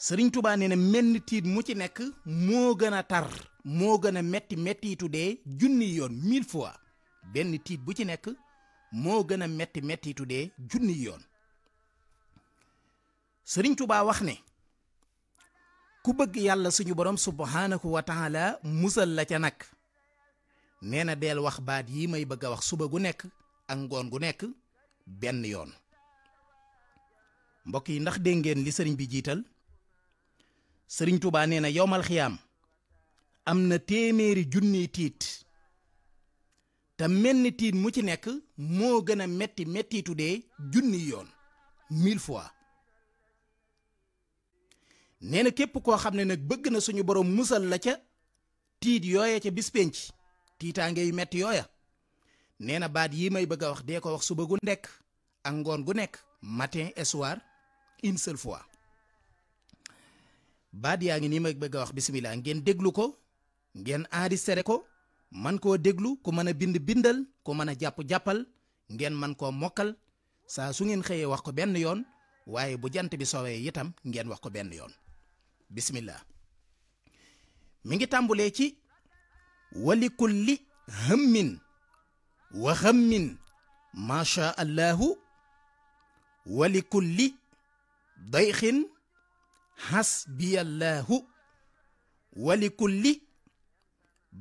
sëriñ tubaa nee na menn tiit mu ci nekk moo gën a tar moo gën a metti mettitu dee junni yoon mille fois benn tiit bu ci nekk moo gën a metti mettitu dee junni yoon sëriñ tubaa wax ne ku bëgg yàlla suñu borom subhanahu wa taala musal la ca nag nee na deel wax baat yi may bëgg a wax suba gu nekk ak ngoon gu nekk benn yoon mbokk yi ndax dégg li sëriñ bi jiital sëriñ Touba nee na yowmal xiyaam am na téeméeri junniy tiit te menn tiit mu ci nekk moo gën a metti mettitu dee junni yoon mille fois nee na képp koo xam ne nag bëgg na suñu borom musal la ca tiit yooya ca bispenc penc tiitaange yu metti yooya nee na baat yi may bëgg a wax dee ko wax suba gu nekk ak ngoon gu nekk matin et soir fois baat yaa ngi nii ma bëgg a wax bisimilah ngeen déglu ko ngeen enregistré ko man koo déglu ku mën a bind bindal ku mën a jàpp jàppal ngeen man koo mokkal saa su ngeen xëyee wax ko benn yoon waaye bu jant bi soowee itam ngeen wax ko benn yoon bisimilah. mi ngi tàmbulee ci li hammin wa hammin macha allahu li dayxin xasbiyallaahu walikulli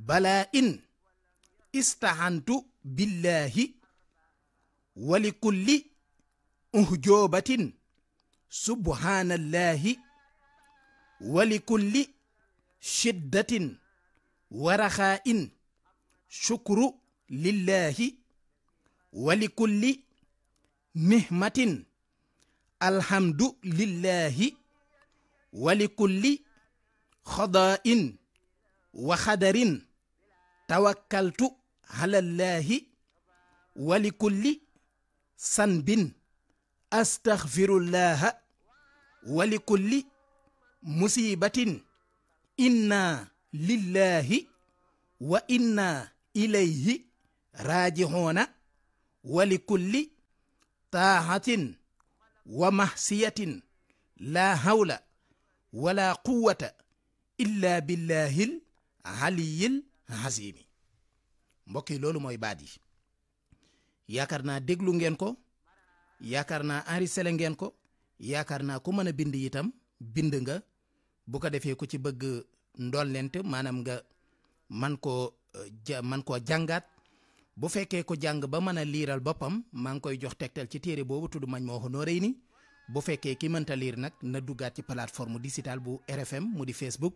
balaa in istaxantu billaahi walikulli uhjoobatin subhaanallaahi walikulli shiddatin waraxaa in shukru lillaahi walikulli nihmatin alhamdu lillaahi wali kulli xadaa'in wa xadarin tawakkaltu alallaahi wali kulli sanbin astaxfirullaaha wali kulli musiibatin inna lillaahi wa inna ilayhi raajixoona wali kulli taaxatin wa mahsiyatin laa hawla wala quwata illa billahil aliyil azimi mbokk yi loolu mooy baat yi yaakaar naa déglu ngeen ko yaakaar naa enregistré ngeen ko yaakaar naa ku mën a bind itam bind nga bu ko defee ko ci bëgg ndollent maanaam nga man koo ja man koo jàngaat bu fekkee ko jàng ba mën a liiral boppam maa ngi koy jox tegtal ci téere boobu tudd mañ moo honoré ni bu fekkee ki mënta liir nag na duggaat ci plateforme digitale bu RFM mu di Facebook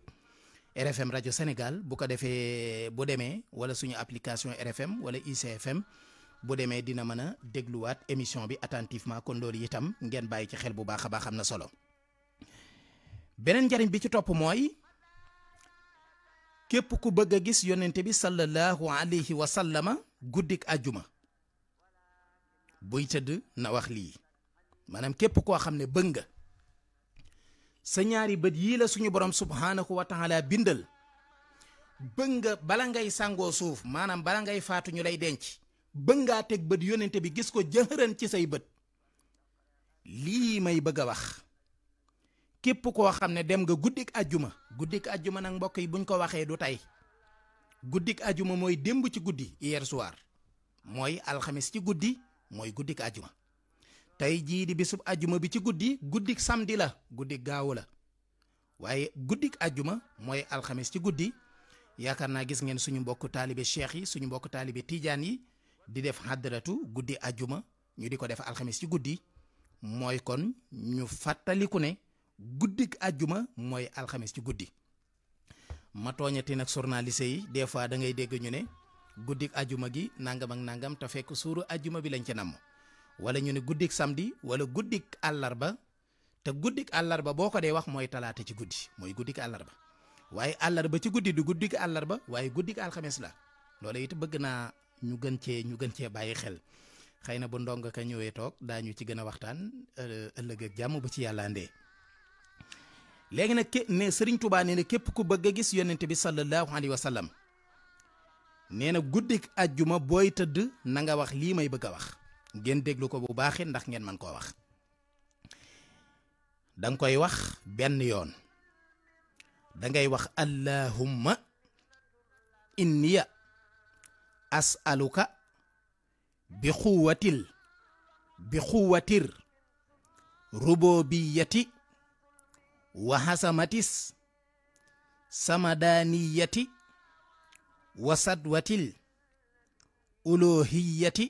RFM rajo Sénégal bu ko defee bu demee wala suñu application RFM wala ICFM bu demee dina mën a dégluwaat émission bi attentivement kon loolu itam ngeen bàyyi ci xel bu baax a baax am na solo beneen njariñ bi ci topp mooy képp ku bëgg a gis yonente bi sallallahu alayhi wa sallama guddik àjjuma buy tëdd na wax lii. maanaam képp koo xam ne bëgg nga sa ñaari bët yii la suñu borom subhaanahu wa taala bindal bëgg nga bala ngay sangoo suuf maanaam bala ngay faatu ñu lay denc bëgg ngaa teg bët yónnente bi gis ko jëxëran ci say bët lii may bëgg a wax képp koo xam ne dem nga guddik ajjuma guddik ajjuma nag mbokk yi buñ ko waxee du tey guddik ajjuma mooy démb ci guddi hier soir mooy alxamis ci guddi mooy guddik ajjuma tey jii di bisub ajjuma bi ci guddi guddik samdi la guddik gaawu la waaye guddik ajjuma mooy alxames ci guddi yaakaar naa gis ngeen suñu mbokk taalibe cheikh yi suñu mbokk taalibe tijaan yi di def xàddaratu guddi ajjuma ñu di ko def alxames ci guddi mooy kon ñu fàttaliku ne guddik ajjuma mooy alxames ci guddi ma tooñati nag journaliste yi des fois da ngay dégg ñu ne guddik ajjuma gi nangam ak nangam te fekk suuru ajjuma bi lañ ci namm wala ñu ne guddik samedi wala guddik àllarba te guddik àllarba boo ko dee wax mooy talaata ci guddi mooy guddik àllarba waaye àllarba ci guddi du guddik àllarba waaye guddik alxames la loola it bëgg naa ñu gën cee ñu gën cee bàyyi xel xëy na bu ndong ka ñëwee toog daañu ci gën a waxtaan ëllëg ak jàmm ba ci yàlla andee léegi nag ne Serigne Touba nee na képp ku bëgg a gis yonent bi sallallahu alayhi wa sallam nee na guddik ajjuma booy tëdd na nga wax lii may bëgg a wax. ngeen déglu ko bu baaxee ndax ngeen mën koo wax danga koy wax benn yoon dangay wax allahumma inniya asaluka bi xuwatil bi xuwatir rububiyati wa hasamatis samadaniyati wa sadwatil ulohiyati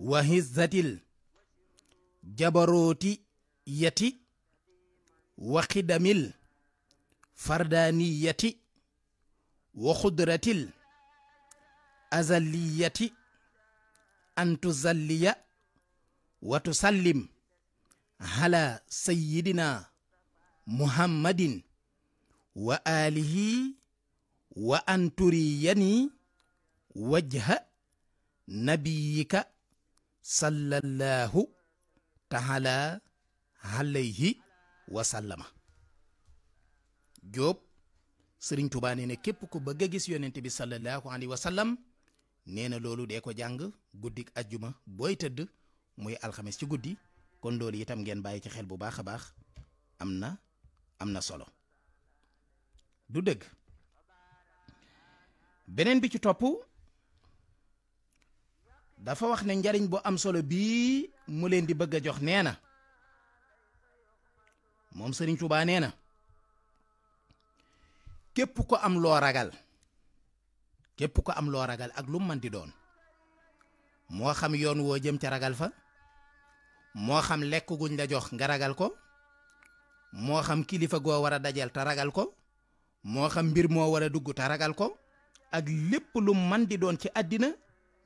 wa hizzatil jabarooti yati wa xidamil fardaaniyati wa xudratil azaliyati an tuzalliya wa tusallim muhammadin wa alihi wa an wajha nabiyika sallallahu taala alayhi wa wasallama Jóob sëriñ Tuubaa nee na képp ku bëgg a gis yonent bi sallallahu alayhi wa sallam nee na loolu dee ko jàng guddik ajjuma booy tëdd muy alxames ci guddi kon loolu itam ngeen bàyyi ci xel bu baax a baax am na am na solo du dëgg beneen bi ci dafa wax ne njariñ boo am solo bii mu leen di bëgg a jox nee na moom Sëriñ Tuubaa nee na képp ko am loo ragal képp ko am loo ragal ak lu mu mën di doon moo xam yoon woo jëm ca ragal fa moo xam lekk guñ la jox nga ragal ko moo xam kilifa goo war a dajal te ragal ko moo xam mbir moo war a dugg te ragal ko ak lépp lu mën di doon ci àddina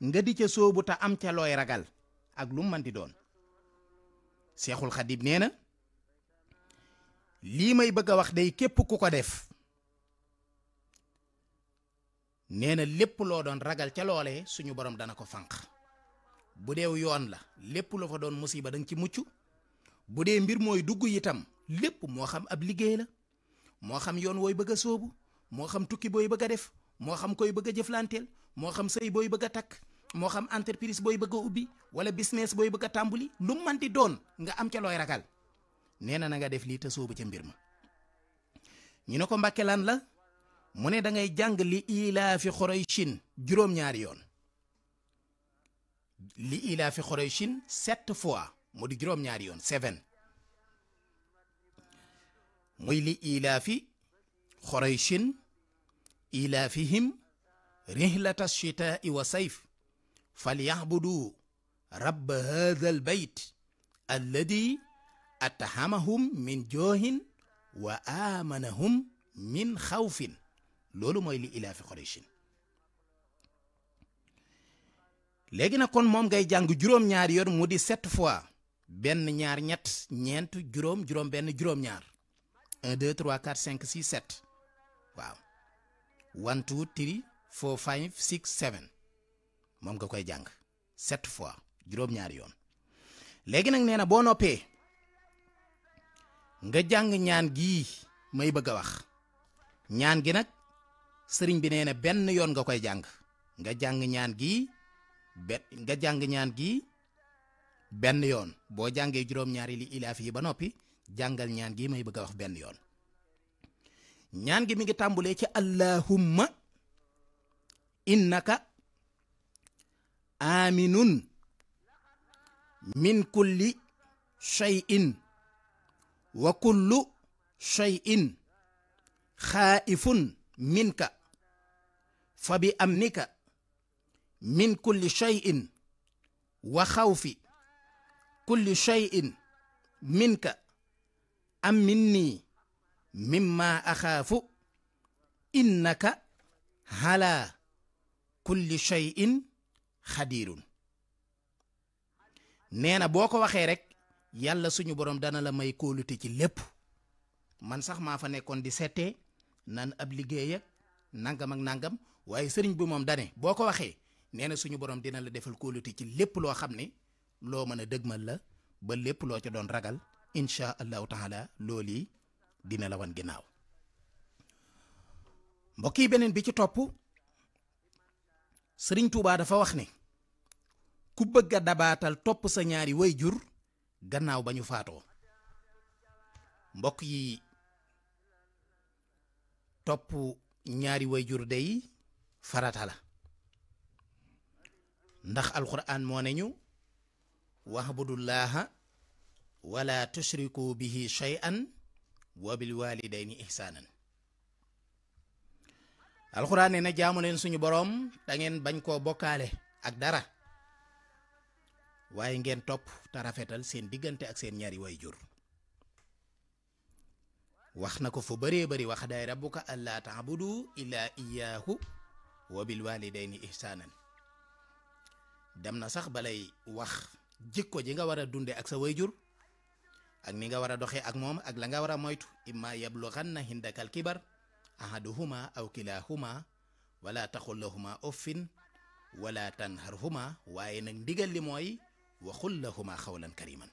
nga di ca soobu te am ca looy ragal ak lu mu mën di doon seexul xadib nee na lii may bëgg a wax day képp ku ko def nee na lépp loo doon ragal ca loole suñu borom dana ko fànq bu deew yoon la lépp lu fa doon musiba danga ci mucc bu dee mbir mooy dugg itam lépp moo xam ab liggéey la moo xam yoon wooy bëgg a sóobu moo xam tukki booy bëgg a def moo xam koy bëgg a jëflanteel moo xam sëy booy bëgg a takk moo xam entreprise booy bëgg ubbi wala business booy bëgg a tàmbuli lu man doon nga am ca looy ragal nee na na nga def lii te soobu ca mbir ma ñu ne ko mbàkke la mu ne da ngay jàng li ilaafi xoreysin juróom-ñaari yoon li ilaafi xoreysin sept fois mu di juróom-ñaari yoon seven muy li ilaafi xoreysin ilaafihim rihlata shitaai wa sayf falyahbudu rabba hadha al bayt alladi attahamahum min joohin wa amanahum min xawfin loolu mooy li ilaa fi qurayshin léegi nag kon moom ngay jàng juróom-ñaari yoon mu di fois benn ñaar ñett ñeent juróom juróom benn juróom-ñaar waaw four five six seven moom nga koy jàng sept fois juróom-ñaari yoon léegi nag nee na boo noppee nga jàng ñaan gii may bëgg a wax ñaan gi nag sëriñ bi nee na benn yoon nga koy jàng nga jàng ñaan gi be jàng ñaan gii benn yoon boo jàngee juróom-ñaari li ilaaf yi ba noppi jàngal ñaan gi may bëgg a wax benn yoon ñaan gi mi ngi tàmbulee ci allahumma innaka aaminun min kulli shay'in wa kullu shay'in xaaifun minka fa bi amnika min kulli shay'in wa xawfi kulli shay'in minka am minni mimma axaafu innaka halaa kulli shay'in xadiirun nee na boo ko waxee rek yàlla suñu borom dana la may kóolute ci lépp man sax maa fa nekkoon di settee nan ab liggéeya nangam ak nangam waaye sëriñ bi moom dane boo ko waxee nee na suñu borom dina la defal kóolute ci lépp loo xam ni loo mën a dëgmal la ba lépp loo ca doon ragal incha allahu taala loolu yi dina la wan ginnaaw mbokk beneen bi ci topp. sëriñ Touba dafa wax ne ku bëgg a dabaatal topp sa ñaari way jur gannaaw bañu ñu faatoo mbokk yi topp ñaari way jur day farata la ndax alquran moo ne ñu wahbudullaha wala tushriku bihi shay'an wa bil walidayni ihsanan alxuraan ne na jaamu leen suñu boroom da ngeen bañ koo bokkaale ak dara waaye ngeen topp te rafetal seen diggante ak seen ñaari waajur wax na ko fu bëree bëri wax day rabbuka allaa taabudu illaa iyaahu wa bil walidayni dem na sax balay wax jikko ji nga war a dunde ak sa waajur ak ni nga war a doxee ak moom ak la nga war a moytu imma yablughanna hindakal kibar ahaduhuma aw kilahuma wala taxul lahuma offin wala tanharhuma waaye nag ndigal li mooy waxul la lahuma xawlan kariman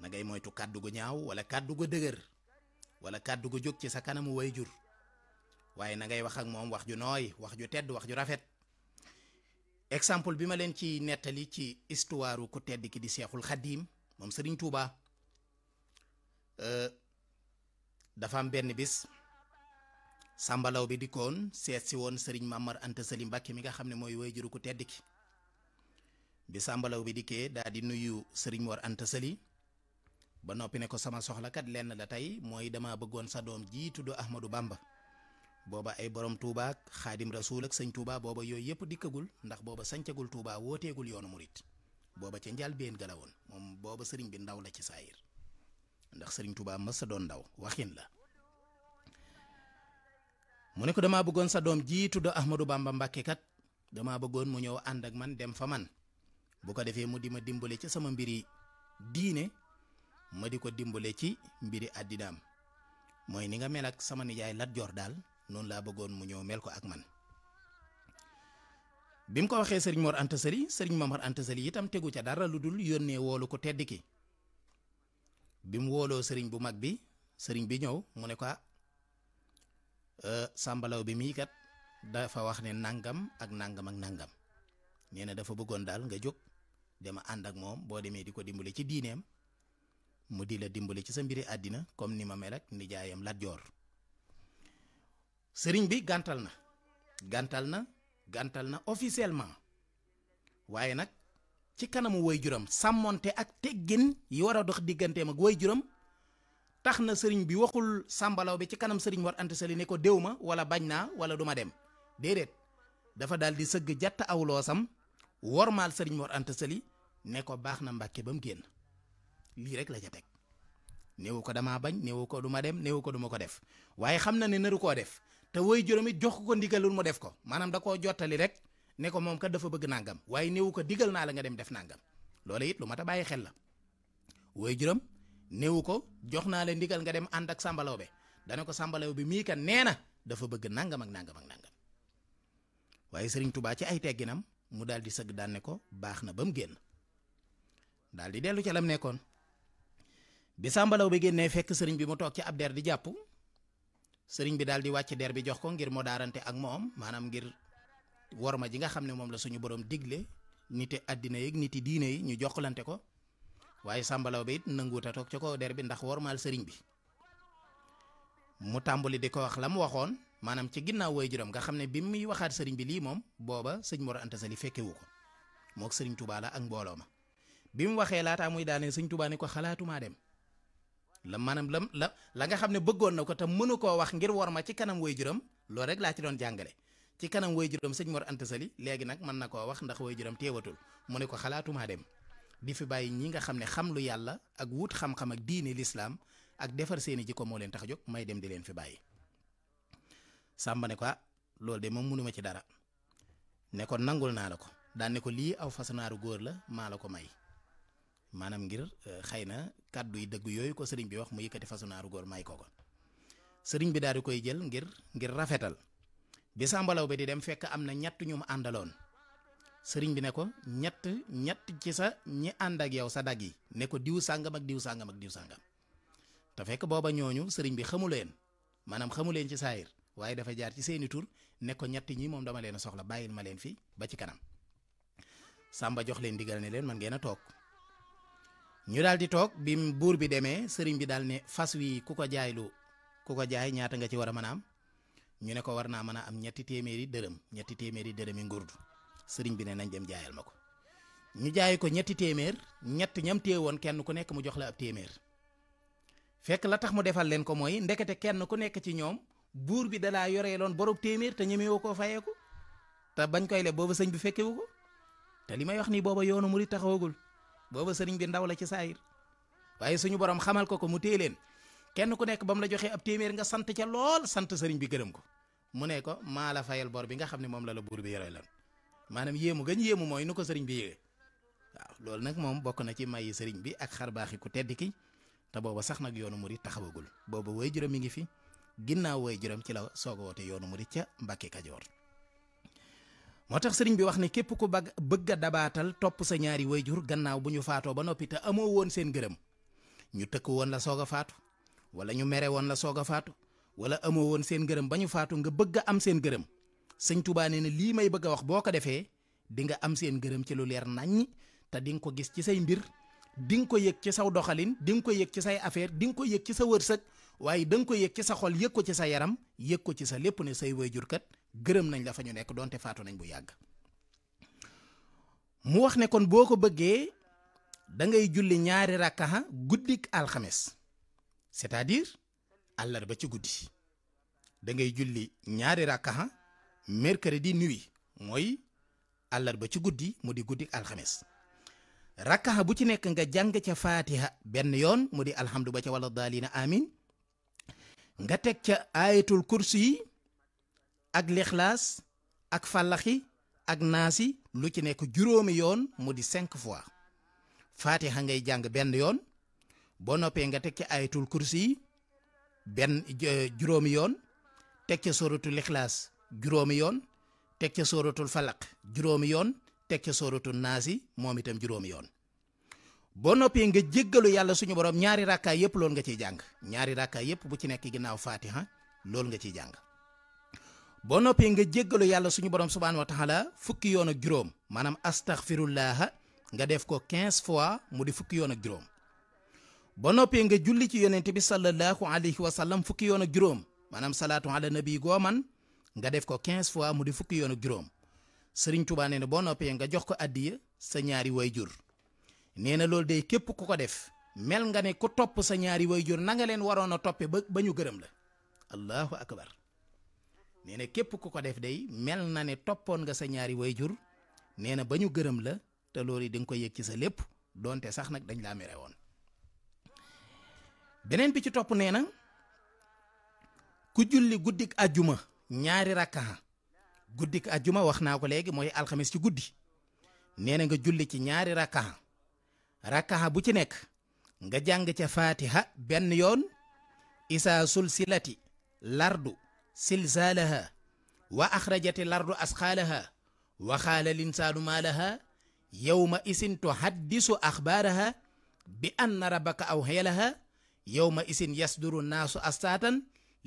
na ngay moytu kàddu gu ñaaw wala kàddu gu dëgër wala kàddu gu jóg ci sa kanamu jur waaye na ngay wax ak moom wax ju nooy wax ju tedd wax ju rafet exemple bi ma leen ci nettali ci histoire ku tedd ki di seexul xaddiim moom sëriñ Touba euh, dafa am benn bis sàmbalaw bi dikkoon seet si woon sëriñ Mamar Anta Sali Mbàkke mi nga xam ne mooy waajuru ku tedd ki bi sàmbalaw bi dikkee daal di nuyu sëriñ Mor Anta Sali ba noppi ne ko sama soxlakat lenn la tey mooy dama bëggoon sa doom jiitu tudd Ahmadou bàmba booba ay borom Touba ak xaadim rasuul ak sëñ Touba booba yooyu yëpp dikkagul ndax booba sancagul Touba wooteegul yoonu murit booba ca njëlbéen ga la moom booba sëriñ bi ndaw la ci saayir ndax sëriñ Touba mas sa doon ndaw waxin la mu ne ko damaa bëggoon sa doom ji tudd Ahmadou Bamba Mbàkke kat damaa bëggoon mu ñëw ànd ak man dem fa man bu ko defee mu di ma dimbale ci sama mbiri diine ma di ko dimbale ci mbiri àddinaam mooy ni nga mel ak sama nijaay Lat Joor daal noonu laa bëggoon mu ñëw mel ko ak man bi mu ko waxee sëriñ Mor Anta Sali sëriñ Mamar Anta itam tegu ca dara lu dul yónnee woolu ko tedd ki bi mu wooloo sëriñ bu mag bi sëriñ bi ñëw mu ne ko Euh, sàmbalaw bi mii kat dafa wax ne nangam ak nangam ak nangam nee na dafa bëggoon daal nga jóg dama ànd ak moom boo demee di ko dimbali ci diineem mu di la dimbali ci sa mbiri àddina comme ni ma mel ak nijaayam Lat Joor sëriñ bi gàntal na gàntal na gàntal na officiellement waaye nag ci kanamu woy juram sàmmonte ak teggin yi war a dox digganteem ak woy juram tax na sëriñ bi waxul sàmbalaw bi ci kanam sëriñ war ant sali ne ko déw ma wala bañ naa wala du ma dem déedéet dafa daal di sëgg jàtt jatt awloosam wormaal sëriñ war ant sali ne ko baax na mbàkke ba mu génn lii rek la ca teg néewu ko damaa bañ néewu ko du ma dem néewu ko duma ko def waaye xam na ne naru koo def te woy juróom it jox ko ndigalul mu def ko maanaam da koo jottali rek ne ko moom kat dafa bëgg nangam waaye néewu ko digal naa la nga dem def nangam loola it lu mat bàyyi xel la woy juróom néewu ko jox naa la ndigal nga dem ànd ak Samba bi dana ko Samba Laobé mii nee na dafa bëgg nangam ak nangam ak nangam waaye Serigne Touba ci ay tegginam mu daal di sëgg daan ne ko baax na ba mu génn daal di dellu ca lam nekkoon bi Samba bi génnee fekk sëriñ bi mu toog ci ab der di jàpp sëriñ bi daal di wàcc der bi jox ko ngir moo daarante ak moom maanaam ngir worma ji nga xam ne moom la suñu borom digle niti àddina yeeg niti diine yi ñu jokkalante ko. waaye sàmbalaw bi it nanguut a toog ca kaw der bi ndax wormaal sëriñ bi mu tàmbali di ko wax la mu waxoon maanaam ci ginnaaw woy juróom nga xam ne bi muy waxaat sëriñ bi lii moom booba sëñ Mor Anta Sali fekkewu ko moog sëriñ Touba la ak mbooloo ma bi mu waxee laataa muy daanee sëñ Touba ne ko xalaatumaa dem la maanaam lam la la nga xam ne bëggoon na ko tam mënu koo wax ngir worma ci kanam woy juróom loolu rek laa ci doon jàngale ci kanam woy juróom sëñ Mor Anta Sali léegi nag mën na koo wax ndax woy juróom teewatul mu ne ko xalaatumaa dem di fi bàyyi ñi nga xam ne xam lu yàlla ak wut xam-xam ak diine lislaam ak defar seeni jikko moo leen tax jóg may dem di leen fi bàyyi Samba ne ko ah loolu de moom mënuma ci dara ne ko nangul naa la ko daan ko lii aw fasanaaru góor la maa la ko may maanaam ngir eh, xëy na kàddu yi dëgg yooyu ko sëriñ bi wax mu yëkkati fasanaaru góor may ko ko sëriñ bi daal di koy jël ngir ngir rafetal bi sàmbalaw bi di dem fekk am na ñett ñu mu àndaloon sëriñ bi ne ko ñett ñett ci sa ñi ànd ak yow sa dag yi ne ko diw sàngam ak diw sàngam ak diw sàngam te fekk booba ñooñu sëriñ bi xamu leen maanaam xamu leen ci saayir waaye dafa jaar ci seeni tur ne ko ñett ñi moom dama leen a soxla bàyyil ma leen fii ba ci kanam Samba jox leen digal ne leen man ngeen a toog ñu daal di toog bi buur bi demee sëriñ bi daal ne fas wi ku ko jaay lu ku ko jaay ñaata nga ci war a mën a am ñu ne ko war naa mën a am ñetti téeméeri dërëm ñetti téeméeri dërëmi sëriñ bi ne nañ dem jaayal ma ko ñu jaay ko ñetti téeméer ñett ñam téye woon kenn ku nekk mu jox la ab téeméer fekk la tax mu defal leen ko mooy ndekete kenn ku nekk ci ñoom buur bi dalaa yoree loon borob téeméer te ñemewu koo fayeeku te bañ koy le booba sëñ bi fekkewu ko te li may wax nii booba yoonu mu murid taxawagul booba sëriñ bi ndaw la ci saayir waaye suñu borom xamal ko ko mu téye leen kenn ku nekk ba mu la joxee ab téeméer nga sant ca lool sant sëriñ bi gërëm ko mu ne ko maa la fayal bor bi nga xam ne moom la la buur bi yoree loon maanaam yéemu gañ yéemu mooy nu ko sëriñ bi yëgee waaw loolu nag moom bokk na ci mayi sëriñ bi ak xar baaxi ku tedd ki te booba sax nag yoonu murit taxawagul booba woy juróom mi ngi fi ginnaaw woy juróom ci la soog a woote yoonu murit ca Mbàkke Kajoor moo tax sëriñ bi wax ne képp ku bag bëgg a dabaatal topp sa ñaari wayjur gannaaw bu ñu faatoo ba noppi te amoo woon seen gërëm ñu tëkk woon la soog a faatu wala ñu mere woon la soog a faatu wala amoo woon seen gërëm ba ñu faatu nga bëgg a am seen gërëm sëñ Touba nee lii may bëgg a wax boo ko defee di nga am seen gërëm ci lu leer naññ te di nga ko gis ci say mbir di nga ko yëg ci saw doxalin di nga ko yëg ci say affaire dinga nga ko yëg ci sa wërsëg waaye danga ko yëg ci sa xol yëg ko ci sa yaram yëg ko ci sa lépp ne say wayjur kat gërëm nañ la fa ñu nekk donte faatu nañ bu yàgg. mu wax ne kon boo ko bëggee da ngay julli ñaari rakkaxa guddik alxames c'est-à-dire ba ci guddi da ngay julli ñaari rakkaxa mercredi nuit mooy ba ci guddi mu di guddi alxames rakkaxa bu ci nekk nga jàng ca faatiha benn yoon mu di alhamdu ba ca wala daaliina amin nga teg ca ayatul kursi ak lixlaas ak fàllaxi ak naasi lu ci nekk juróomi yoon mu di cinq fois faatiha ngay jàng benn yoon boo noppee nga teg ca ayatul kursi benn eh, juróomi yoon tek ca suratul lixlaas juróom yoon teg sooratul sóoratul falaq juróomi yoon tekke ca sóoratul naasi moom itam juróomi yoon boo noppee nga jéggalu yàlla suñu borom ñaari rakkaay yëpp loolu nga ciy jàng ñaari rakkaay yëpp bu ci nekk ginnaaw faatiha loolu nga ciy jàng boo noppee nga jéggalu yàlla suñu borom subhaanahu wa taala fukki yoon ak juróom maanaam astaghfirullaha nga def ko 15 fois mu di fukki yoon ak juróom boo noppee nga julli ci yonent bi sallallahu alayhi fukki yoon ak juróom maanaam salaatu ala nabi gooman nga def ko 15 fois mu di fukki yoon ak juróom sëriñ Tuubaa nee boo noppee nga jox ko addiya sa ñaari wayjur nee na loolu day képp ku ko def mel nga ne ku topp sa ñaari way jur nga leen waroon a toppee ba ba ñu gërëm la allahu akbar nee na képp ku ko def day mel na ne toppoon nga sa ñaari wayjur nee na ba ñu gërëm la te loolu yi di nga ko yëg ci sa lépp donte sax nag dañ laa mere woon beneen bi ci topp nee na ku julli guddik àjjuma ñaari rakkaxa guddik ajjuma wax naa ko léegi mooy alxames ci guddi nee nga julli ci ñaari rakkaxa rakkaxa bu ci nekk nga jàng ca fatiha benn yoon isaa sulsilati lardu silsaalaha wa axrajati lardu asxaalaha wa xaala linsaanu maalaha yowma isin tuhaddisu axbaaraha bi anna rabbaka awxeelaha yowma isin yasduru naasu astaatan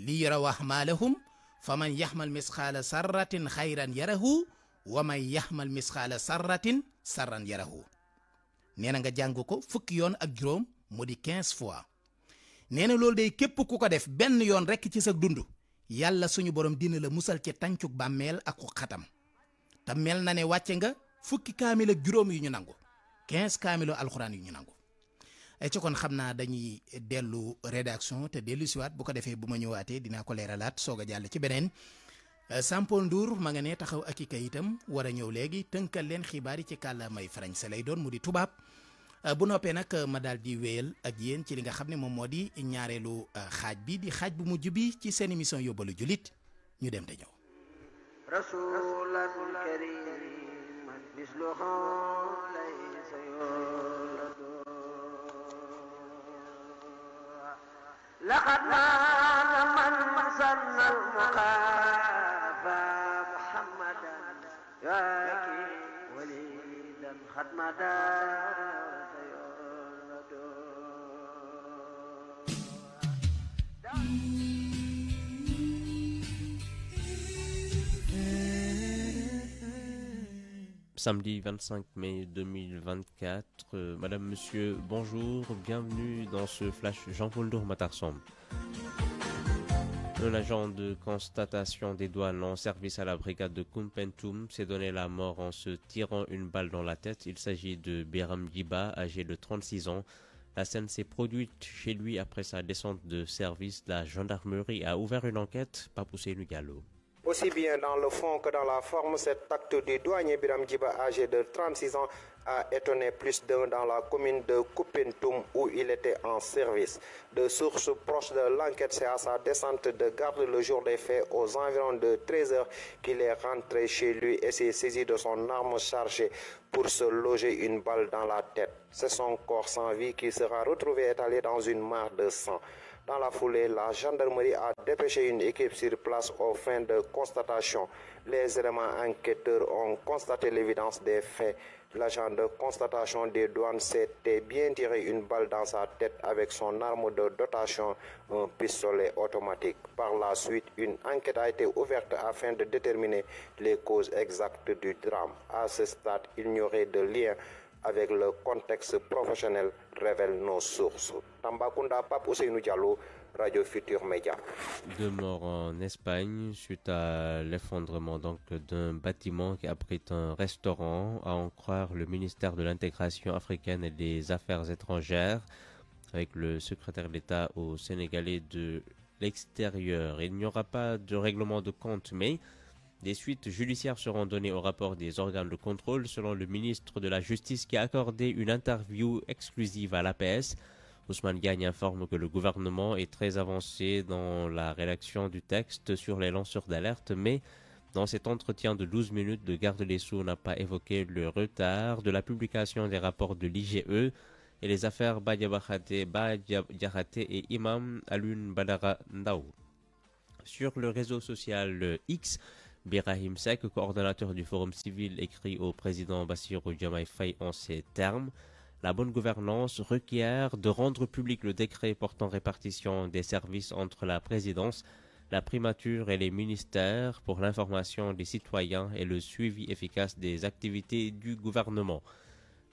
li yaraw axmaalahum fa man yaxmal misqaala sarratin xayran yarahu wa man yaxmal misqaala sarratin sarran yarahu nee na nga jàng ko fukki yoon ak juróom mu di quinze fois nee na loolu day képp ku ko def benn yoon rekk ci sa dund yàlla suñu borom dina la musal ci tàncug bàmmeel ak xatam te mel na ne wàcce nga fukki kaamil ak juróom yu ñu nangu quinze kaamilu alxuraan yu ñu nangu Eh, ci kon xam naa dañuy dellu rédaction te dellu siwaat bu ko defee bu ma ñëwaatee dinaa ko leeralaat soog a jàll ci beneen eh, Sampo nduur ma nga ne taxaw ak i kayitam war a ñëw léegi tënkal leen xibaar yi ci kàllaamay farañse lay doon mu di tubaab eh, bu noppee nag ma daal di wéyal ak yéen ci li nga xam ne moom moo di ñaareelu xaaj bi di xaaj bu mujj bi ci seen émission yóbbalu jullit ñu dem te ñëw.
لقد نال من مسن المقافى محمدا ياكي وليدا ختمدا Done.
Samedi 25 mai 2024. Euh, Madame, Monsieur, bonjour, bienvenue dans ce flash Jean-Paul Dourmatarson. Un agent de constatation des douanes en service à la brigade de Kumpentum s'est donné la mort en se tirant une balle dans la tête. Il s'agit de Béram Diba, âgé de 36 ans. La scène s'est produite chez lui après sa descente de service. La gendarmerie a ouvert une enquête, pas poussé le galop.
Aussi bien dans le fond que dans la forme, cet acte du douanier Biram Djiba, âgé de 36 ans, a étonné plus d'un dans la commune de Koupentoum où il était en service. De sources proches de l'enquête, c'est à sa descente de garde le jour des faits aux environs de 13 heures qu'il est rentré chez lui et s'est saisi de son arme chargée pour se loger une balle dans la tête. C'est son corps sans vie qui sera retrouvé étalé dans une mare de sang. Dans la foulée, la gendarmerie a dépêché une équipe sur place aux fins de constatation. Les éléments enquêteurs ont constaté l'évidence des faits. L'agent de constatation des douanes s'était bien tiré une balle dans sa tête avec son arme de dotation, un pistolet automatique. Par la suite, une enquête a été ouverte afin de déterminer les causes exactes du drame. À ce stade, il n'y aurait de lien avec le contexte professionnel, révèlent nos sources. Tambacounda, Pape
suite à l'effondrement d'un bâtiment qui abrite un restaurant, à en croire le ministère de l'intégration africaine et des affaires étrangères, avec le secrétaire d'État au Sénégalais de l'extérieur. Il n'y aura pas de règlement de compte, mais Des suites judiciaires seront données au rapport des organes de contrôle selon le ministre de la Justice qui a accordé une interview exclusive à l'APS. Ousmane Gagne informe que le gouvernement est très avancé dans la rédaction du texte sur les lanceurs d'alerte, mais dans cet entretien de 12 minutes, le garde des Sceaux n'a pas évoqué le retard de la publication des rapports de l'IGE et les affaires Badiabahate et Imam Alun Badara Ndao. Sur Birahim Sek, coordonnateur du Forum civil, écrit au président Bassirou Diomaye Faye en ces termes. La bonne gouvernance requiert de rendre public le décret portant répartition des services entre la présidence, la primature et les ministères pour l'information des citoyens et le suivi efficace des activités du gouvernement.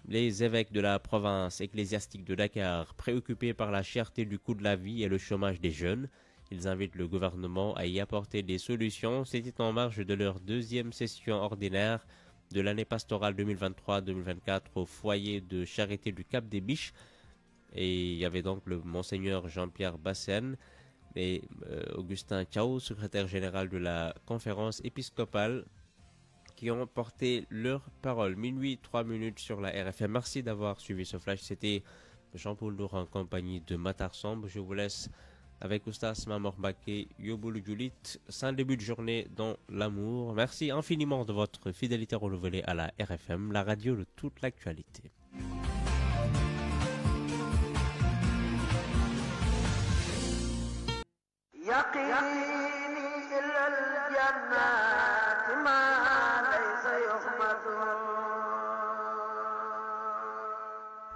Les évêques de la province ecclésiastique de Dakar, préoccupés par la cherté du coût de la vie et le chômage des jeunes, Ils invitent le gouvernement à y apporter des solutions. C'était en marge de leur deuxième session ordinaire de l'année pastorale au foyer de charité du Cap des Biches. il y avait donc le monseigneur Jean-Pierre Bassène et euh, Augustin Chao, secrétaire général de la conférence épiscopale, qui ont porté leur parole. minutes sur la RFM. Merci d'avoir suivi ce flash. C'était Jean-Paul Nour en compagnie de Matar Je vous laisse avec Oustas Mamorbaké, Yoboul Julit, début de journée dans l'amour. Merci infiniment de votre fidélité renouvelée à la RFM, la radio de toute l'actualité.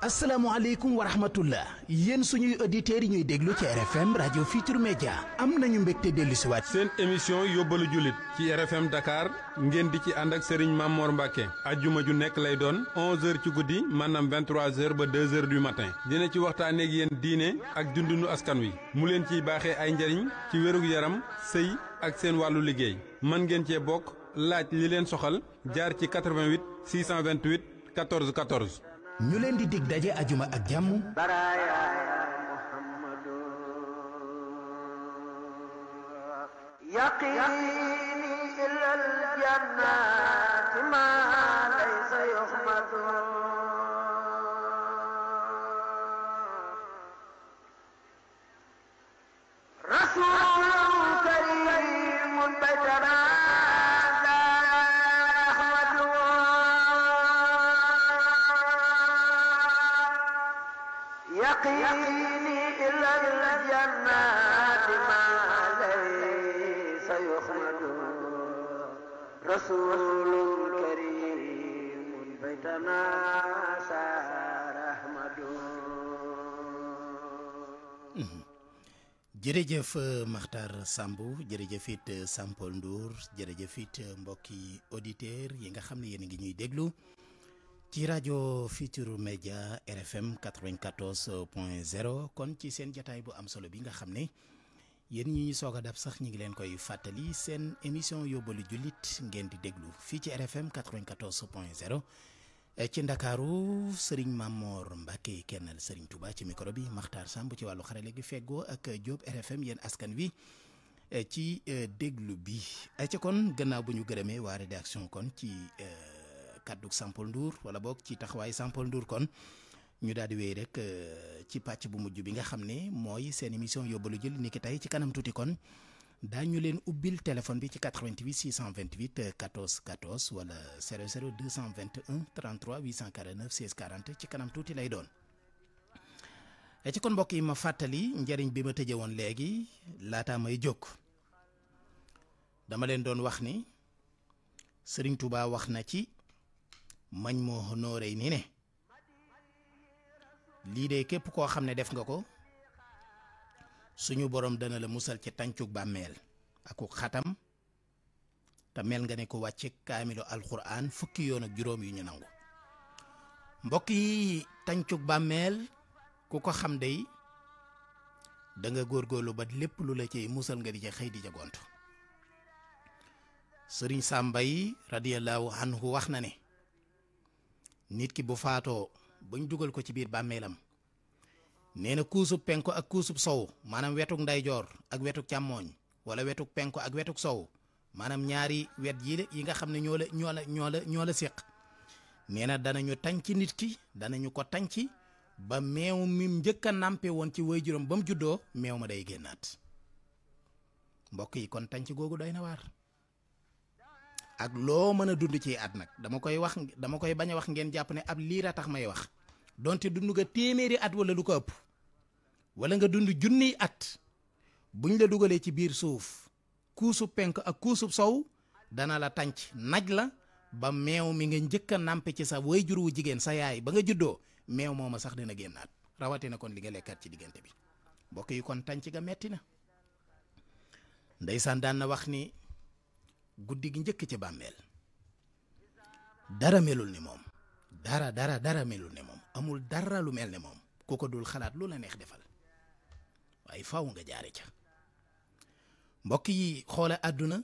asalaamaaleykum wa rahmatullah yéen suñuy auditeurs yi ñuy déglu ci RFM rajo Futur Media am nañu mbégte dellu si waat seen émission yóbbalu jullit ci RFM Dakar ngeen di ci ànd ak Serigne Mamor Mbacke ajjuma ju nekk lay doon 11h ci guddi manam 23h ba 2h du matin dina ci waxtaanee ak yéen diine ak dundinu askan wi mu leen ciy baaxee ay njariñ ci wérug yaram sëy ak seen wàllu liggéey man ngeen cee bokk laaj li leen soxal jaar ci 88 628 14 14. ñu leen di dig daje ajuma ak jàmm
yaqini ila
aljannati ma laysa yuxmadu يقيني إلى الجنات ما ليس يخمد رسول كريم بيتنا سار أحمد
jërëjëf Makhtar Sambou jërëjëf it Sampol Ndour jërëjëf it mbokki auditeurs yi nga xam ne yéen a ngi ñuy déglu ci rajo Futurs Médias RFM 94 point 0 kon ci seen jataay bu am solo bi nga xam ne yéen ñi ñu soog a dab sax ñu ngi leen koy fàttali seen émission yóbbalu jullit ngeen di déglu fii ci RFM 94 point 0 ci ndakaaru Serigne Mamor Mbacke kennal Serigne tubaa ci micro bi Makhtar Samb ci wàllu xarale gi feggoo ak Diop RFM yéen askan wi. ci euh, déglu bi ca kon gannaaw bu ñu gërëmee waa rédaction kon ci euh, kàddug Sampol Ndour wala boog ci taxawaayu Sampol Ndour kon ñu daal di wéy rek euh, ci pàcc bu mujj bi nga xam ne mooy seen émission yóbbalu jël niki tey ci kanam tuuti kon daa ñu leen ubbil téléphone bi ci 88 628 14 14 wala 00 221 33 849 16 40 ci kanam tuuti lay doon. E ci kon mbokk yi ma fàttali njëriñ bi ma tëjee woon léegi laataa may jóg dama leen doon wax ni Serigne Touba wax na ci mañ moo honoré ni ne lii de képp koo xam ne def nga ko suñu boroom dana la musal ci tàncug bàmmeel aku xatam te mel nga ne ko wàcce kaamilu alxuraan fukki yoon ak juróom yu ñu nangu mbokk yi tàncug bàmmeel ku ko xam dey danga góor góorlu ba lépp lu la ciy musal nga di ca xëy di ca gont sëriñ Sàmba yi radiyallahu anhu wax na ne nit ki bu faatoo bañ dugal ko ci biir bàmmeelam nee na kuusub penku ak kuusub sow maanaam wetuk ndeyjoor ak wetuk càmmooñ wala wetuk penku ak wetuk sow maanaam ñaari wet yi yi nga xam ne ñoo la ñoo la ñoo la ñoo la séq na danañu tànc nit ki danañu ko tànc ba meew mi njëkk a nàmpe woon ci waajuram ba mu juddoo meew ma day génnaat mbokk yi kon tànc googu doy na waar ak loo mën a dund ci at nag dama koy wax dama koy bañ a wax ngeen jàpp ne ab liir a tax may wax donte dund nga téeméeri at wala lu ko ëpp wala nga dund junniy at buñ la dugalee ci biir suuf kuusub penk ak kuusub sow dana la tànc naj la ba meew mi nga njëkk a nàmpe ci sa wayjur wu jigéen sa yaay ba nga juddoo meew mooma sax dina génnaat rawatina kon li nga lekkaat ci diggante bi mbokk kon tànc ga metti na ndeysaan daan wax ni guddi gi njëkk ci bàmmeel dara melul ni moom dara dara dara melul ni moom amul dara lu mel ni moom ku ko dul xalaat lu la neex defal waaye faaw nga jaare ca mbokk yi xoola àdduna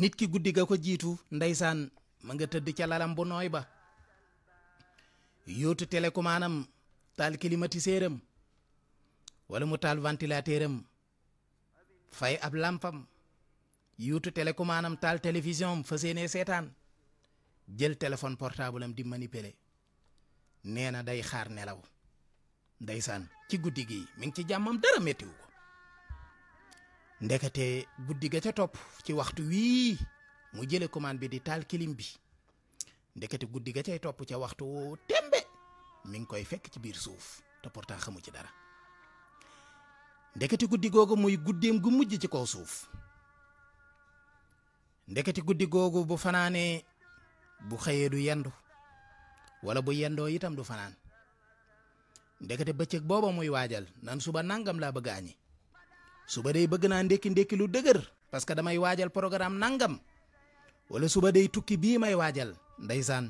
nit ki guddi ga ko jiitu ndeysaan ma nga tëdd ca lalam bu nooy ba yóotu télécommandam taal climatiseur wala mu taal ventilateur fay ab làmpam yuutu télécommande am taal télévision am fas yéenee seetaan jël téléphone portable am di manipuler nee na day xaar nelaw ndeysaan ci guddi gi mi ngi ci jàmmam dara méttiwu ko ndekete guddi ga ca topp ci waxtu wii mu jële commande bi di taal kilim bi ndekete guddi ga cay topp ca waxtu tembe mi ngi koy fekk ci biir suuf te pourtant xamu ci dara ndekete guddi googu muy guddeem gu mujj ci kaw suuf ndeketi guddi googu bu fanaanee bu xëyee du yendu wala bu yendoo itam du fanaan ndekete bëccëg booba mooy waajal nan suba nangam laa bëgg añi suba day bëgg naa ndékki ndékki lu dëgër parce que damay waajal programme nangam wala suba day tukki bii may waajal ndeysaan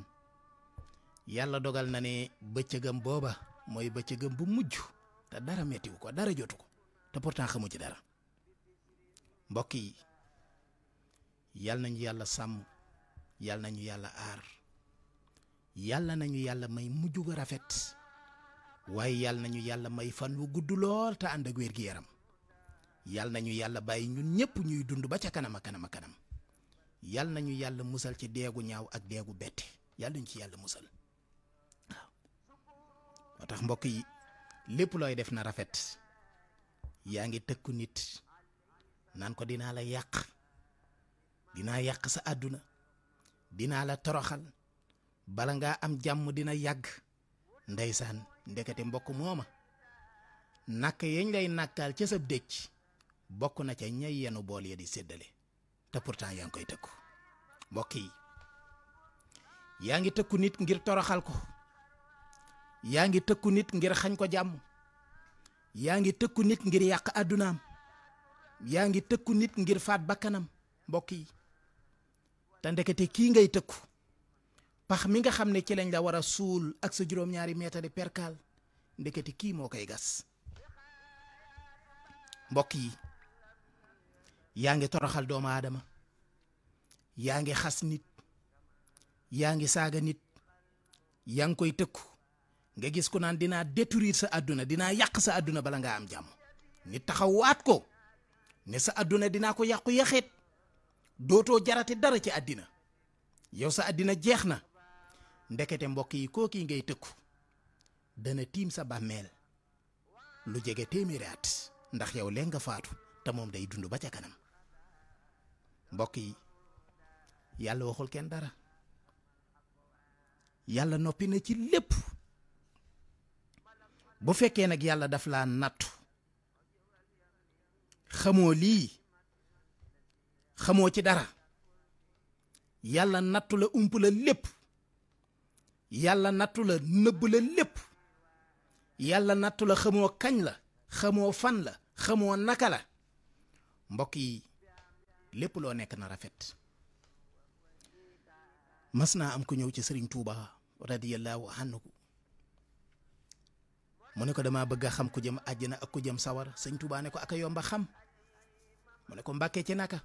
yàlla dogal na ne bëccëgam booba mooy bëccëgam bu mujj te dara mettiwu ko dara jotu ko te pourtant xamu ci dara mbokk yi yàll nañu yàlla sàmm yàll nañu yàlla aar yàlla nañu yàlla may mujj gu rafet waaye yàll nañu yàlla may fan wu gudd lool te ànd ak wér gi yaram yàll nañu yàlla bàyyi ñun ñëpp ñuy dund ba ca kanam a kanam a kanam yàll nañu yàlla musal ci deegu ñaaw ak deegu betti yàlla ñu ci yàlla musal waaw moo tax mbokk yi lépp looy def na rafet yaa ngi tëkku nit naan ko dinaa la yàq dinaa yàq sa àdduna dinaa la toroxal bala nga am jàmm dina yàgg ndeysaan ndekete mbokk mooma nakk yañ lay nakkaal ca sa dëcc bokk na ca ñay yenu bool ya di séddale te pourtant yaa ngi koy tëkku mbokk yi yaa ngi tëkku nit ngir toroxal ko yaa ngi tëkku nit ngir xañ ko jàmm yaa ngi tëkku nit ngir yàq àddunaam yaa ngi tëkku nit ngir faat bakkanam mbokk yi te ndekete kii ngay tëkku pax mi nga xam ne ci lañ la war a suul ak sa juróom-ñaari meetari perkaal ndekete kii moo koy gas mbokk yi yaa ngi toroxal doomu aadama yaa ngi xas nit yaa ngi saaga nit yaa ngi koy tëkku nga gis ko naan dinaa détruire sa àdduna dinaa yàq sa àdduna bala ngaa am jàmm nit taxaw ko ne sa àdduna dinaa ko yàqu yaxeet dootoo jarate dara ci àddina yow sa àddina jeex na ndekete mbokk yi kookii ngay tëkku dana tiim sa bàmmeel lu jege téeméeri ndax yow leen nga faatu te moom day dund ba ca kanam mbokk yi yàlla waxul kenn dara yàlla noppi na ci lépp bu fekkee nag yàlla daf laa nattu xamoo lii xamoo ci dara yàlla nattu la ump la lépp yàlla nattu la nëbb la lépp yàlla nattu la xamoo kañ la xamoo fan la xamoo naka la mbokk yi lépp loo nekk na rafet mas naa am ku ñëw ci sëriñ Touba radiyallahu anhu mu ne ko damaa bëgg a xam ku jëm àjjana ak ku jëm sawar sëñ Touba ne ko aka yomba xam mu ne ko mbàkkee ci naka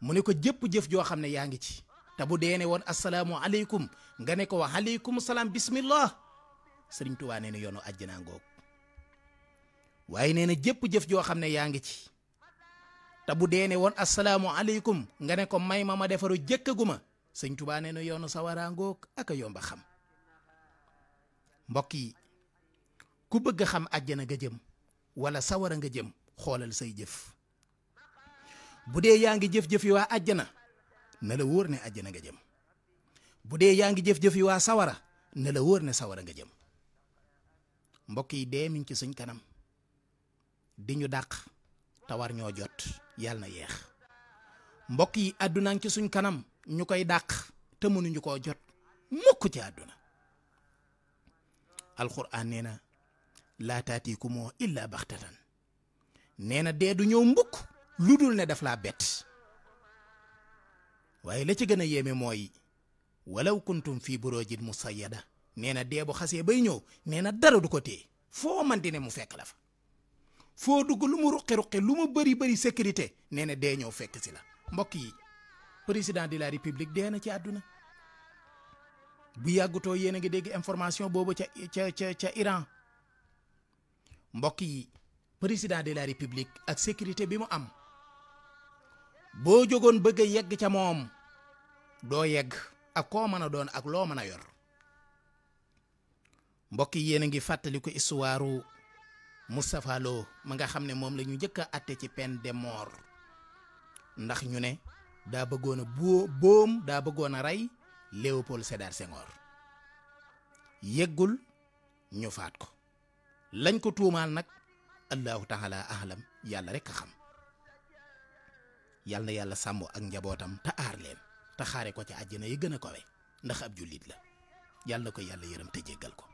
mu ne ko jëpp jëf joo xam ne yaa ngi ci te bu dee woon asalaamu aleykum nga ne ko wa aleykum salaam bismillah sëriñ Tuubaa nee na yoonu àjjana ngoog waaye nee na jëpp jëf joo xam ne yaa ngi ci te bu dee woon asalaamu aleykum nga ne ko may ma ma defaru jëkkaguma sëriñ Tuubaa nee na yoonu sawaraa ngoog ak a yomba xam mbokk yi ku bëgg xam àjjana nga jëm wala sawara nga jëm xoolal say jëf bu dee yaa ngi jëf-jëf yi waa àjjana na la wóor ne àjjana nga jëm bu dee yaa ngi jëf-jëf waa sawara na la wóor ne sawara nga jëm mbokk yi dee miñ ci suñ kanam di ñu dàq tawar jot yàlla na yeex mbokk yi àddunaa suñ kanam ñu koy dàq te mënuñu koo jot mukk ci àdduna alxuraan nee na laa taatiikumoo illaa baxtatan nee na dee du ñëw mbukk lu dul ne daf laa bett waaye la ci gën a yéeme mooy walaw kuntum fii buroojin musayyada nee na dee bu xasee bay ñëw nee na dara du ko téye foo man di ne mu fekk la fa foo dugg lu mu ruqi-ruqi lu mu bëri bëri sécurité nee na dee ñëw fekk si la mbokk yi président de la république dee na ci àdduna bu yàggutoo yéen a ngi dégg information boobu ca ca ca ca Iran mbokk yi président de la république ak sécurité bi mu am boo jógoon bëgg a yegg ca moom doo yegg ak koo mën a doon ak loo mën a yor mbokk yi yéen a ngi fàttaliku ko istuwaaru Moustapha ma nga xam ne moom la ñu njëkk a àtte ci peine de mort ndax ñu ne daa bëggoon a boo daa bëggoon a rey Léopold Sédar Senghor yeggul ñu faat ko lañ ko tuumaal nag allahu taala ahlam yàlla rek a xam yal na yàlla sàmm ak njabootam te aar leen te xaare ko ci àjjana yi gën a kowe ndax ab jullit la yal na ko yàlla yërëm te jéggal ko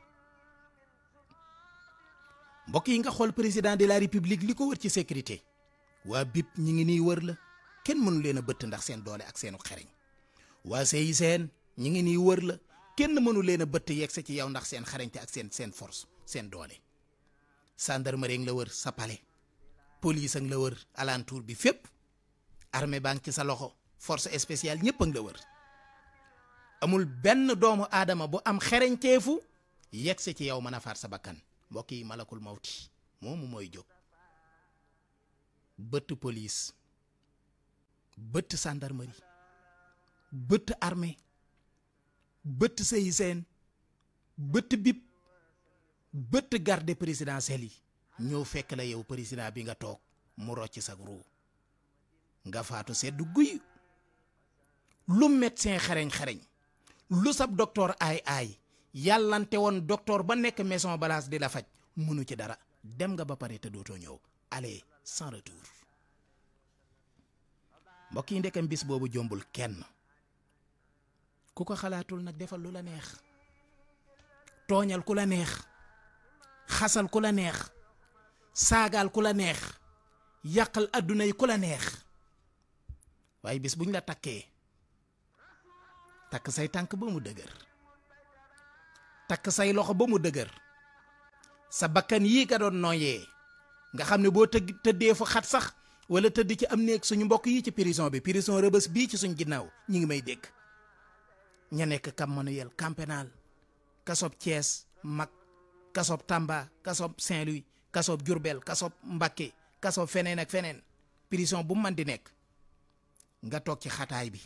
mbokk yi nga xool président de la république li ko wër ci sécurité waa BIP ñi ngi nii wër la kenn mënu leen a bëtt ndax seen doole ak seenu xereñ waa seen ñi ngi nii wër kenn mënu leen a bëtt yegg sa ci yow ndax seen xarañte ak seen seen force seen doole gendarmerie nga la wër sa palais police nga la wër alentour bi fépp armée baa ngi ci sa loxo force spéciale ñëpp a ngi la wër amul benn doomu aadama bu am xereñteefu yegsi ci yow ma a faat sa bakkan mbokk yi malakul mawti moomu mooy jóg bëtt police bëtt gendarmerie bëtt armée bëtt seyiseen bëtt bip bëtt garde présidentielle yi ñëw fekk la yow président bi nga toog mu rocc sa ruu nga faatu sedd guy lu médecin xereñ xereñ lu sab docteur aay aay yàllante woon docteur ba nekk maison balaas di la faj mënu ci dara dem nga ba pare te dootoo ñëw allez sans retour mbokk yi ndekam bis boobu jombul kenn ku ko xalaatul nag defal lu la neex tooñal ku la neex xasal ku la neex saagaal ku la neex yàqal adduna yi ku la neex waaye bis ñu la takkee takk say tànk ba mu dëgër takk say loxo ba mu dëgër sa bakkan yii nga doon nooyee nga xam ne boo tëgg tëddee fu xat sax wala tëdd ci am néeg suñu mbokk yi ci prison bi prison rëbës bii ci suñ ginnaaw ñu ngi may dégg ña nekk kam manuel camp pénal kasob Thiès mag kasob Tamba kasob Saint-Louis kasob Diourbel kasob Mbacké kasob feneen ak feneen prison bu man di nekk nga toog ci xataay bi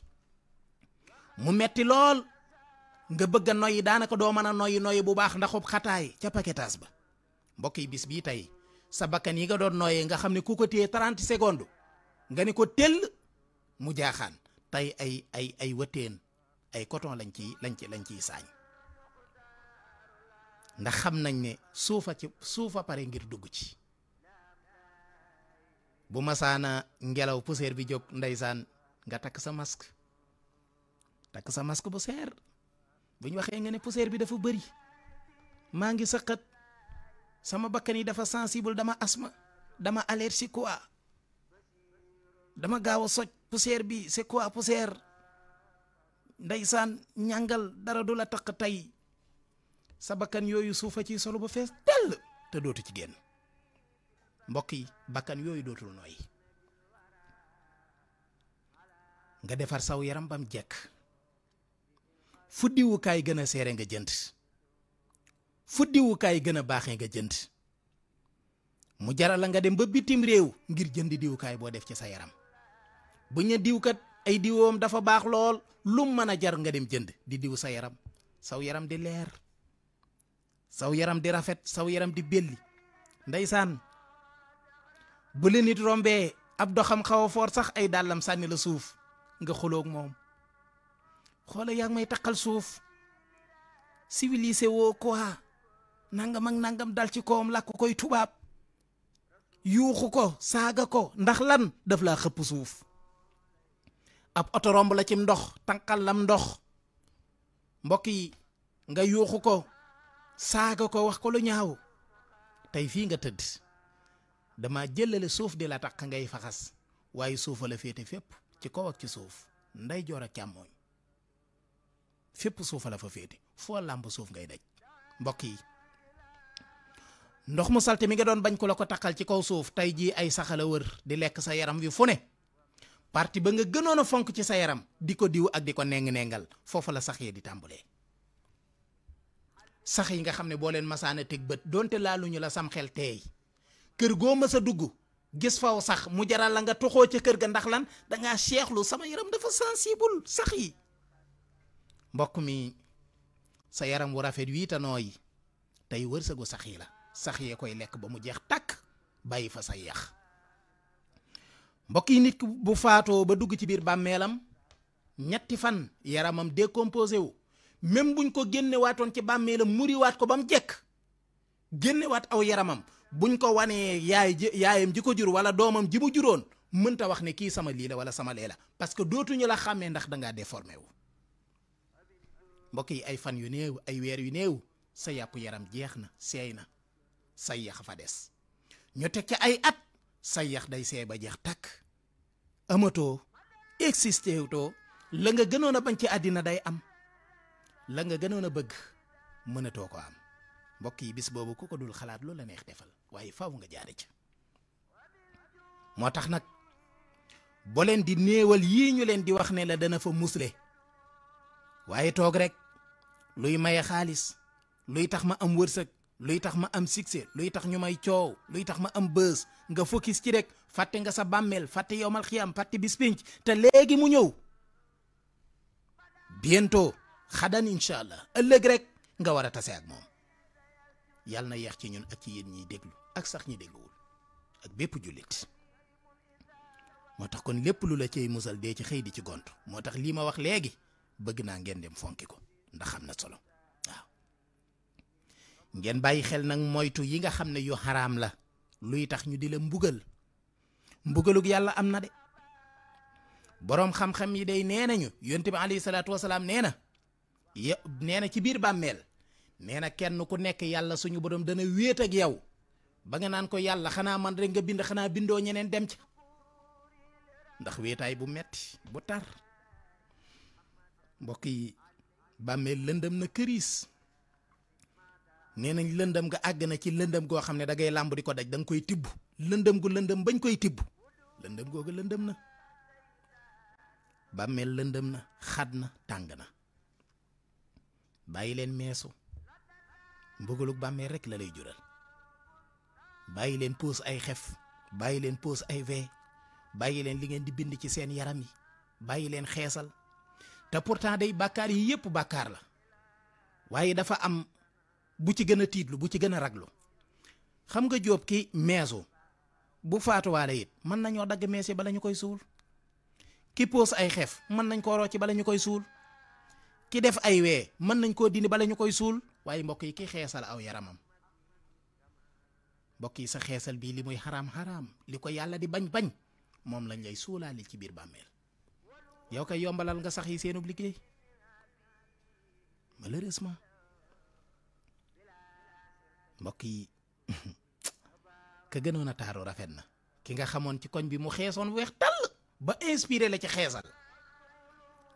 mu metti lool nga bëgg a noyyi daanaka doo mën a noyyi noyyi bu baax ndaxub xataay ca paquetage ba mbokk yi bis bii tey sa bakkan yi nga doon nooyee nga xam ne ku ko téye 30 secondes nga ne ko tell mu jaaxaan tey ay ay ay wëteen ay coton lañ ciy lañ ci lañ ciy saañ ndax xam nañ ne suufa ci suufa pare ngir dugg ci bu masaana ngelaw poussière bi jóg ndeysaan nga takk sa mask takk sa masque bu seer bu ñu waxee nga ne poussière bi dafa bëri maa ngi sëqat sama bakkan yi dafa sansible dama asma dama allergie quoi dama gaaw a soj poussière bi c'est quoi ndey saan ñàngal dara du la takk tey sa bakkan yooyu suufa ci solo ba fees dell te dootu ci génn mbokk yi bakkan yooyu dootul nooyi nga defar saw yaram bam jekk fu diwukaay gën a seere nga jënd fu diwukaay gën a baaxee nga jënd mu jaral la nga dem ba bitim réew ngir jënd diwukaay boo def ci sa yaram bu ñu diwkat ay diwoom dafa baax lool lu mën a jar nga dem jënd di diw sa yaram saw yaram di leer saw yaram di rafet saw yaram di belli ndeysaan bu la nit rombee ab doxam xaw sax ay dàllam sànni la suuf nga xolook moom xoola yaa ngi may taqal suuf siwilisewoo ko quoi ah. nangam ak nangam dal ci kawam làkk koy tubaab yuuxu ko saaga ko ndax lan daf laa xëpp suuf ab oto romb la cim ndox tànqal lam ndox mbokk yi nga yuuxu ko saaga ko wax ko lu ñaaw tey fii nga tëdd dama jëlale suuf di la takk ngay faxas waaye suufa féete fépp ci kaw ak ci suuf ndeyjoor ak càmmooñ fépp suufa la fa féete foo làmp suuf ngay daj mbokk yi ndox mu salte mi nga doon bañ ko la ko takkal ci kaw suuf tey jii ay saxala wër di lekk sa yaram wi fu ne parti ba nga gënoon a fonk ci sa yaram di ko diw ak di ko neng nengal foofa la sax yee di tàmbulee sax yi nga xam ne boo leen masaana teg bët donte ñu la sam xel teey kër goo mës a dugg gis faw sax mu jaral la nga toxoo ca kër ga ndax lan dangaa seexlu sama yaram dafa sensible sax yi mbokk mi sa yaram wu rafet wii te nooy tey wërsëgu sax yi la sax yee koy lekk ba mu jeex tàkk bàyyi fa sa yeex mbokk yi nit bu faatoo ba dugg ci biir bàmmeelam ñetti fan yaramam décomposé wu même buñ ko génnewaatoon ci bàmmeelam muriwaat ko ba mu jekk génnewaat aw yaramam buñ ko wanee yaay ji yaayam ji ko jur wala doomam ji mu juróon mënta wax ne kii sama lii la wala sama lee la parce que dootuñu la xàmmee ndax dangaa déformé wu mbokk yi ay fan yu néew ay weer yu néew sa yàpp yaram jeex na seey na sa yax fa des ñu teg ci ay at sa yax day seey ba jeex takk amatoo existé la nga gënoon a bañ ci àddina day am la nga gënoon a bëgg mënatoo ko am mbokk yi bis boobu ku ko dul xalaat lu la neex defal waaye faw nga jaare ca moo tax nag boo leen di néewal yii ñu leen di wax ne la dana fa musle waaye toog rek luy maye xaalis luy tax ma am wërsëg luy tax ma am succès luy tax ñu may coow luy tax ma am bës nga focus ci rek fàtte nga sa bàmmeel fàtte yowmal xiyam fàtte bis pénc te léegi mu ñëw bientôt xadan incha allah ëllëg rek nga war a tase ak moom yàlla na yeex ci ñun ak ci yéen ñiy déglu ak sax ñi dégguwul ak bépp jullit moo tax kon lépp lu la cay musal dee ci xëy di ci gont moo tax lii ma wax léegi bëgg naa ngeen dem fonki ko ndax xam na solo waaw ngeen bàyyi xel nag moytu yi nga xam ne yu xaraam la luy tax ñu di la mbugal mbugalug yàlla am na de boroom xam-xam yi dey nee nañu yonent bi alayhi salaatu wasalaam nee na yo nee na ci biir bàmmeel nee na kenn ku nekk yàlla suñu borom dana wéet ak yow ba nga naan ko yàlla xanaa man rek nga bind xanaa bindoo ñeneen dem ca ndax wéetaay bu metti bu tar mbokk yi bàmmeel lëndëm na këriis nee nañ lëndëm nga àgg na ci lëndëm goo xam ne dangay ngay làmb di ko daj da koy tibb lëndëm gu lëndëm bañ koy tibb lëndëm googu lëndëm na bàmmeel lëndëm na xat na tàng na bàyyi leen meesu mbëggalug bàmmee rek la lay jural bàyyi leen pose ay xef bàyyi leen pose ay vee bàyyi leen li ngeen di bind ci seen yaram yi bàyyi leen xeesal te pourtant day bàkkaar yi yépp bàkkaar la waaye dafa am bu ci gën a tiitlu bu ci gën a raglu xam nga jóob ki meesu bu faatu waale it mën nañoo dagg mees yi bala ñu koy suul ki pose ay xef mën nañ koo ci bala ñu koy suul ki def ay wee mën nañ koo dini bala ñu koy suul waaye mbokk yi ki xeesal aw yaramam mbokk yi sa xeesal bii li muy xaraam-xaraam li ko yàlla di bañ-bañ moom lañ lay suulaale ci biir bàmmeel yow koy yombalal nga sax yi seenub liggéey malheureusement mbokk yi ka gënoon a taaru rafet na ki nga xamoon ci koñ bi mu xeesoon weex tàll ba inspiré la ci xeesal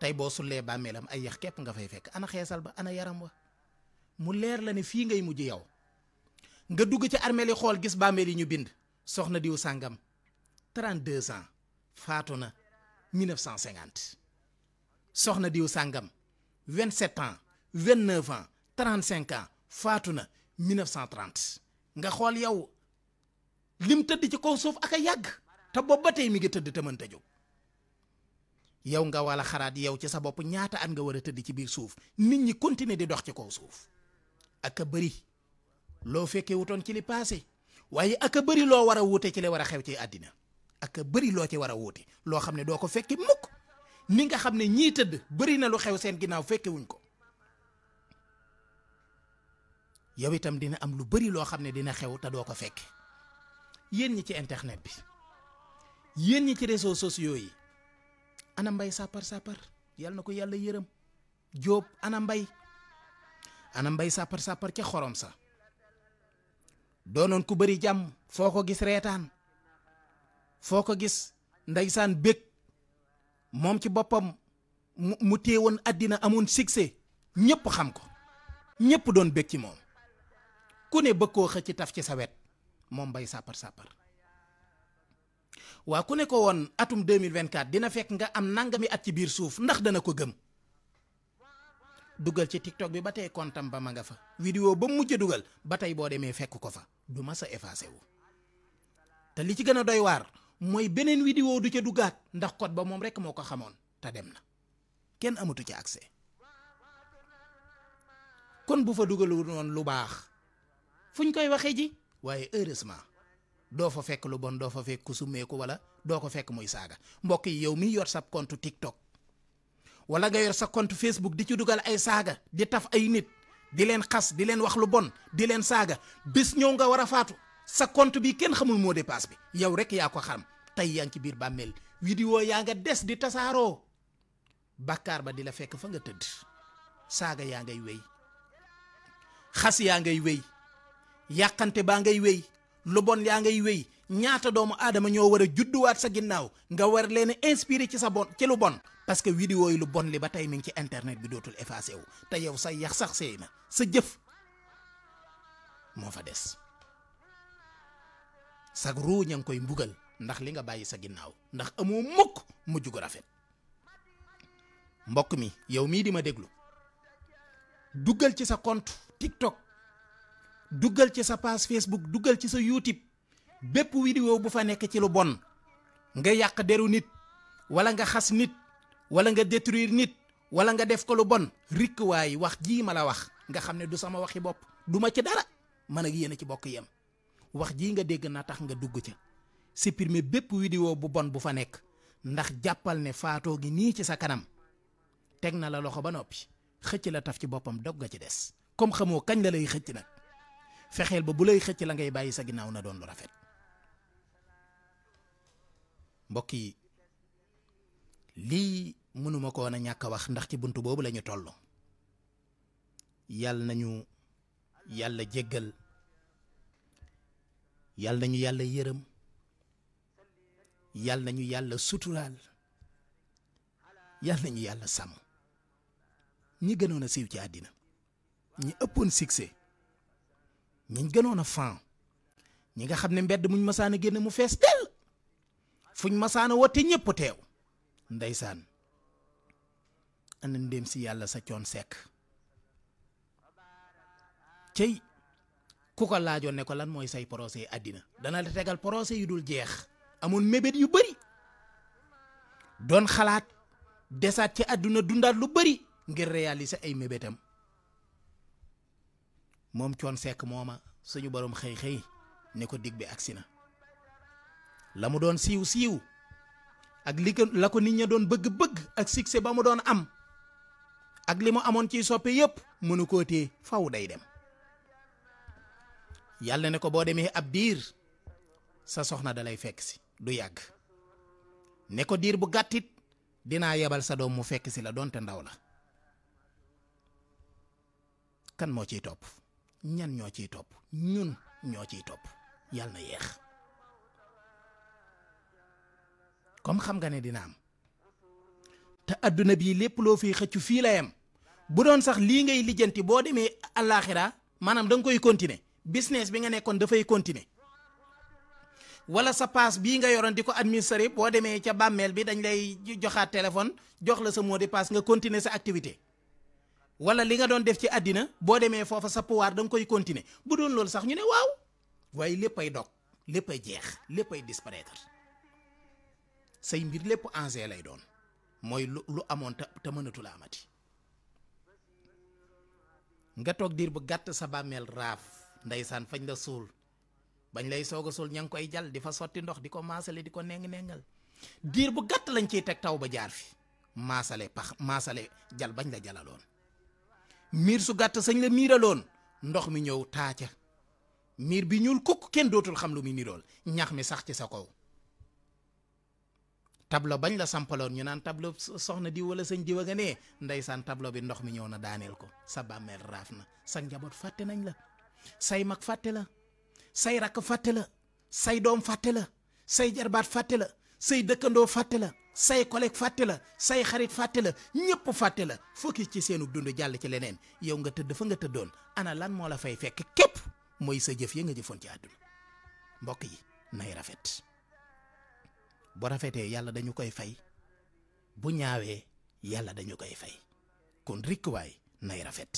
tey boo sullee bàmmeelam ay yax képp nga fay fekk ana xeesal ba ana yaram wa mu leer la ne fii ngay mujj yow nga dugg ci armeel yi xool gis bàmmeel yi ñu bind soxna diw sàngam 32 ans faatu na 1950 soxna diw sàngam 27 ans 29 ans 35 faatu na 1930 nga xool yow lim tëdd ci kaw suuf ak a yàgg te boobu ba tey mi ngi tëdd te mënta jóg yow nga wala xaraat yow ci sa bopp ñaata at nga war a tëdd ci biir suuf nit ñi continuer di dox ci kaw suuf ak a bëri. loo fekkee wutoon ci li passé waaye ak a bëri loo war a wuute ci la war a xew ci àddina ak bëri loo ci war a wuute loo xam ne doo ko fekke mukk ni nga xam ne ñii tëdd bëri na lu xew seen ginnaaw fekke wuñ ko yow itam dina am lu bëri loo xam ne dina xew te doo ko fekke yéen ñi ci internet bi yéen ñi ci réseaux sociaux yi ana mbay sàppar sàppar yàlla na ko yàlla yërëm jóob ana mbay ana mbay sàppar sàppar ca xorom sa doonoon ku bëri jàmm foo ko gis reetaan foo ko gis ndeysaan bég moom ci boppam mu mu téewoon àddina amoon succès ñëpp xam ko ñëpp doon bég ci moom ku ne bëgg koo xëcc taf ci sa wet moom bay sàppar sàppar waa ku ne ko woon atum 2024 dina fekk nga am nangami at ci biir suuf ndax dana ko gëm dugal ci tiktok bi ba tey kontam ba ma nga fa vidéo ba mujj dugal ba tey boo demee fekk ko fa du ma sa effacé wu te li ci gën a doy waar mooy beneen vidéo du ca dugaat ndax kot ba moom rek moo ko xamoon te dem na kenn amatu ci accès kon bu fa dugalu woon lu baax fuñ koy waxee ji waaye heureusement doo fa fekk lu bon doo fa fekk ku summeeku wala doo ko fekk muy saaga mbokk yi yow mi yor sab compte tiktok wala nga yor sa compte Facebook di ci dugal ay saaga di taf ay nit di leen xas di leen wax lu bon di leen saaga bis ñëw nga war a faatu sa compte bi kenn xamul moo de dépasse bi yow rek yaa ko xam tey yaa ngi ci biir bàmmeel vidéo yaa nga des di tasaaroo bàkkaar ba di la fekk fa nga tëdd saaga yaa ngay wéy xas yaa ngay wéy yàqante baa ngay wéy lu bon yaa ngay wéy ñaata doomu aadama ñoo war a judduwaat sa ginnaaw nga war leen inspiré ci sa bon ci lu bon parce que vidéo yi lu bon li ba tey mi ngi ci internet bi dootul effacé wu te yow sa yax sax seey na sa jëf moo fa des sa ruu ña ngi koy mbugal ndax li nga bàyyi sa ginnaaw ndax amoo mukk mujj gu rafet mbokk mi yow mii di ma déglu duggal ci sa compte TikTok duggal ci sa page Facebook duggal ci sa YouTube bépp vidéo bu fa nekk ci lu bon nga yàq deru nit wala nga xas nit wala nga détruire nit wala nga def ko lu bon rikk waaye wax jii ma la wax nga xam ne du sama waxi bopp duma ma ci dara man ak yéen a ci bokk yem wax jii nga dégg na tax nga dugg ca supprimer bépp vidéo bu bon bu fa nekk ndax jàppal ne faatoo gi nii ci sa kanam teg na la loxo ba noppi xëcc la taf ci boppam dog nga ci des comme xamoo kañ la lay xëcc nag fexeel ba bu lay xëcc la ngay bàyyi sa ginnaaw na doon lu rafet mbokk yi lii mënuma koon a ñàkk a wax ndax ci bunt boobu lañu toll yàll nañu yàlla jéggal yàll nañu yàlla yërëm yàll nañu yàlla suturaal yàll nañu yàlla sàmm ñi gënoon a siiw ci àddina ñi ëppoon succès ñi gënoon a fan ñi nga xam ne mbedd muñ masaan a génn mu fees dell fuñ masaana woote ñëpp teew ndeysaan ana ndéem si yàlla sa coon sekk cey ku ko laajoon ne ko lan mooy say procès àddina dana la tegal procès yu dul jeex amul mébét yu bari doon xalaat desaat ci àdduna dundaat lu bari ngir réaliser ay mébétam moom coon sekk mooma suñu borom xëy xëy ne ko digg bi agsi na la mu doon siiw siiw ak li ko la ko nit ña doon bëgg-bëgg ak succès ba mu doon am ak li mu amoon ciy soppe yépp mënu koo téye faw day dem yàlla ne ko boo demee ab diir sa soxna dalay fekk si du yàgg ne ko diir bu gàttit dinaa yebal sa doom mu fekk si la doonte ndaw la kan moo ciy topp ñan ñoo ciy topp ñun ñoo ciy topp yàlla na yeex comme xam nga ne dina am te adduna bii lépp loo fiy xëccu fii la yem bu doon sax lii ngay lijjanti boo demee àllaaxira maanaam da nga koy continuer business bi nga nekkoon dafay continé wala sa paas bii nga yoroon di ko administrer boo demee ca bàmmeel bi dañ lay joxaat téléphone jox la sa mot nga continuer sa activité wala li nga doon def ci àddina boo demee foofa sa pouvoir da nga koy continuer bu doon loolu sax ñu ne waaw waaye lépp ay dog lépp ay jeex lépp ay disparaître say mbir lépp engrais lay doon mooy lu amoon te te mënatul amati nga toog diir bu gàtt sa bàmmeel raaf ndeysaan fañ la suul bañ lay soog a suul ña ngi koy jal di fa sotti ndox di ko maasale di ko neng-nengal diir bu gàtt lañ ciy teg taw ba jaar fi maasale pax maasale jal bañ la jalaloon miir su gàtt sañ la miiraloon ndox mi ñëw taaca miir bi ñuul kukk kenn dootul xam lu muy nirool ñax mi sax ci sa kaw tableau bañ la sampaloon ñu naan tableau soxna diw wala sañ diw a nga nee ndeysaan tableau bi ndox mi ñëw na daaneel ko sa bàmmeel raaf na sa njaboot fàtte nañ la say mag fàtte la say rakk fàtte la say doom fàtte la say jarbaat fàtte la say dëkkandoo fàtte la say collègue fàtte say xarit fàtte la ñëpp fàtte la focus ci seenu dund jàll ci leneen yow nga tëdd fa nga tëddoon ana lan moo la fay fekk képp mooy sa jëf ya nga jëfoon ci àdduna mbokk yi nay rafet bu rafetee yàlla dañu koy fay bu ñaawee yàlla dañu koy fay kon rikkuwaay nay rafet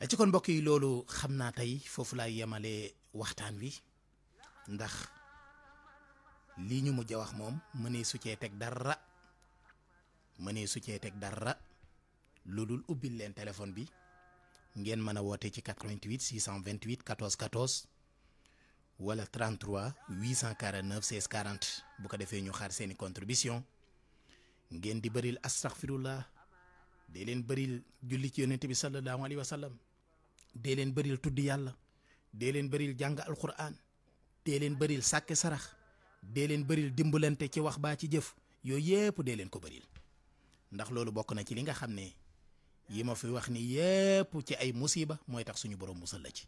eh, ci kon mbokk yi loolu xam naa tey foofu laay yemale waxtaan wi ndax lii ñu mujj a wax moom mënee su cee teg dara mënee su cee teg dara lu dul ubbil leen téléphone bi ngeen mën a woote ci 88 628 14 14 wala 33 849 16 40 bu ko defee ñu xaar seeni contribution ngeen di bëril astaghfirullah dee leen bëril julli ci yonente bi sallallahu alayhi wa sallam dee leen bëril tudd yàlla dee leen bëril jàng alquran dee leen bëril sàkke sarax dee leen bëril dimbalante ci wax baa ci jëf yooyu yépp dee leen ko bëril ndax loolu bokk na ci li nga xam ne yi ma fi wax ni yépp ci ay musiba mooy tax suñu borom musal la ci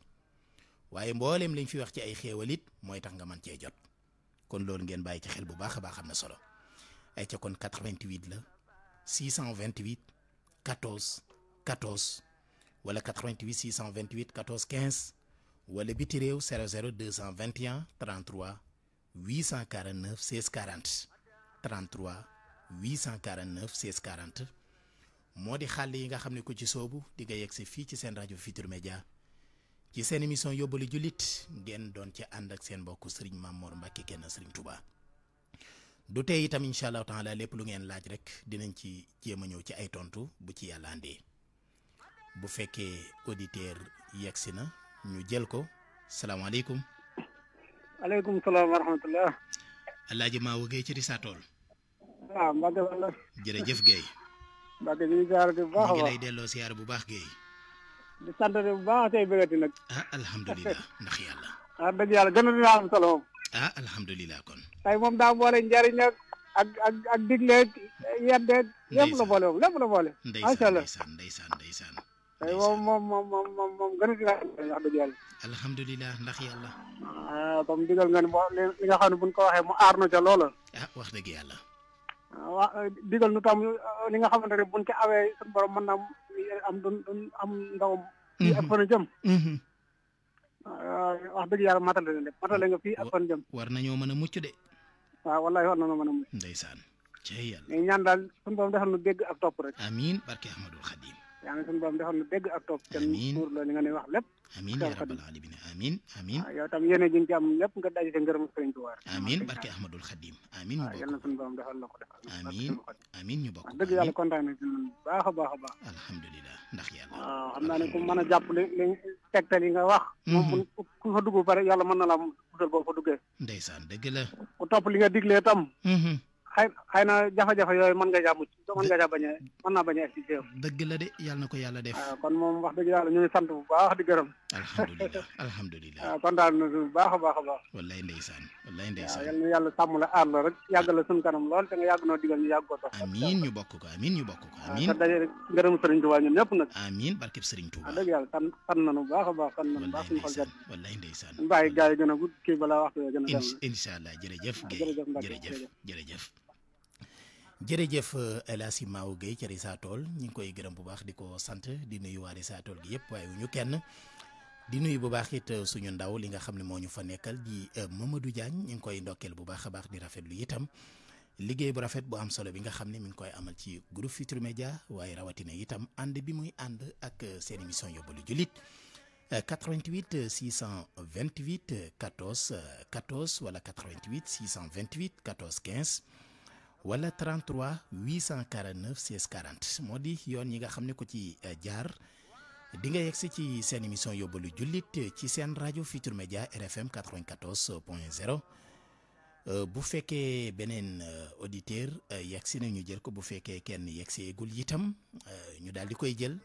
waaye mbooleem liñ fi wax ci ay xéewal mooy tax nga mën cee jot kon loolu ngeen bàyyi ci xel bu baax a baax am na solo ay ca kon 88 la 628 14 14 wala 88 628 14 15 wala biti réew 00 221 33 849 16 40 33 849 16 40 moo di xàll yi nga xam ne ko ci soobu di nga fii ci seen rajo Futurs Médias ci seen émission yóbbalu jullit ngeen doon ci ànd ak seen mbokk sëriñ Mamor Mbacke kenn Serigne Touba du tey itam incha allahu taala lépp lu ngeen laaj rek dinañ ci jéem a ñëw ci ay tontu bu ci yàlla andee bu fekkee auditeur yegg si na ñu jël ko salaamaaleykum.
aleykum salaam wa rahmatullah.
Alaaji maa wëggee ci risaatool.
waaw Mbacke wala.
jërëjëf Guèye. Mbacke bu baax géey
di sant bu baax tey bëggati nag. ah alhamdulilah ndax yàlla. ah dëgg yàlla a am solo moom.
ah alhamdulilah kon.
tey moom daa boole njariñ ak ak ak ak digle yeddeeg. ndeysaan lépp la boole moom lépp la boole. macha allah ndeysaan ndeysaan ndeysaan tey moom moom moom moom moom gën a dinaa wax dëgg yàlla.
alhamdulilah ndax yàlla.
ah comme digal nga ni boo li nga xam ne buñ ko waxee mu aar na ca loola.
ah wax dëgg yàlla.
Ah, waaw digal nu tam li nga xamante ne buñ ko awee suñu borom mën na am am ndawam. Mhm. fii ak fan a jëm. Mhm. Ah, wax dëgg yàlla matale na lépp matale nga fii ak fan jëm. war nañoo mën a mucc de. waaw ah, wallaahi war nañoo mën a mucc.
ndeysaan. cey yàlla
mais ñaan daal suñu borom defal nu dégg ak rek.
amiin barke Ahmadul
Xadim. yaa ngi suñu borom defal nu dégg ak topp. amiin kenn nga ne wax lépp. amin yaa rabbal alamin amin amin ah, yow tam yéene ji ci am lépp nga daje ci ngërëm sëriñ Tuubaa amin barke Ahmadul Xadim amin ñu ah, bokk la ko defal amin amin ñu bokk dëgg yàlla kontaan nañ ci ñun baax a baax a baax alhamdulilah ndax yàlla ah, xam naa ne ku mën a jàpp li li tegtal yi nga wax mhm. ku fa dugg pare yàlla mën na la guddal boo fa duggee
ndeysaan dëgg la
ku topp li nga tam mhm. xay xay na jafe-jafe yooyu mën nga caa mucc mën a mën a egg ci dëgg la de yal na ko yàlla def. waaw ah, kon moom wax dëgg yàlla ñu ngi sant bu baax di gërëm. alhamdulilah alhamdulilah. waaw ah, kontaan na bu baax a baax a baax.
wallaay ndeysaan wallaay
ah, ndeysaan. waaw yal na la aar la la suñu kanam lool te nga yàgg noo digal ñu yàgg ko tax.
amiin ñu bokk ko amiin ñu bokk ko. amiin waaw te daje gërëm Serigne Touba ñun ñëpp nag. barkeb Serigne Touba.
waaw dëgg yàlla sant sant nañu bu baax a baax sant nañu baax suñu xol jot. wallaay ndeysaan a gudd kii balaa waxtu gën a dem.
incha allah jërëjëf Guèye jërëjëf jërëjëf jërëjëf euh, El Hadj Maaw Guèye ca Rissa Tool ñu ngi koy gërëm bu baax di ko sant di nuyu waa Rissa Tool gi yëpp waaye wu ñu kenn di nuyu bu baax it euh, suñu ndaw li nga xam ne moo ñu fa nekkal di euh, Mamadou jaañ ñu ngi koy ndokkeel bu baax a baax di rafetlu itam liggéey bu rafet bu am solo bi nga xam ne mu ngi koy amal ci groupe Futurs Médias waaye rawatina itam ànd bi muy ànd ak seen émission yóbbalu jullit 88 628 14 14 wala 88 628 14 15. wala 33 849 16 40 moo di yoon yi nga xam ne ko ci eh, jaar di nga yegsi ci seen émission yóbbalu jullit ci seen rajo Futur Media RFM 94 point 0 eh, bu fekkee beneen eh, auditeur yegsi na ñu jël ko bu fekkee kenn yegsi eegul itam ñu daal di koy jël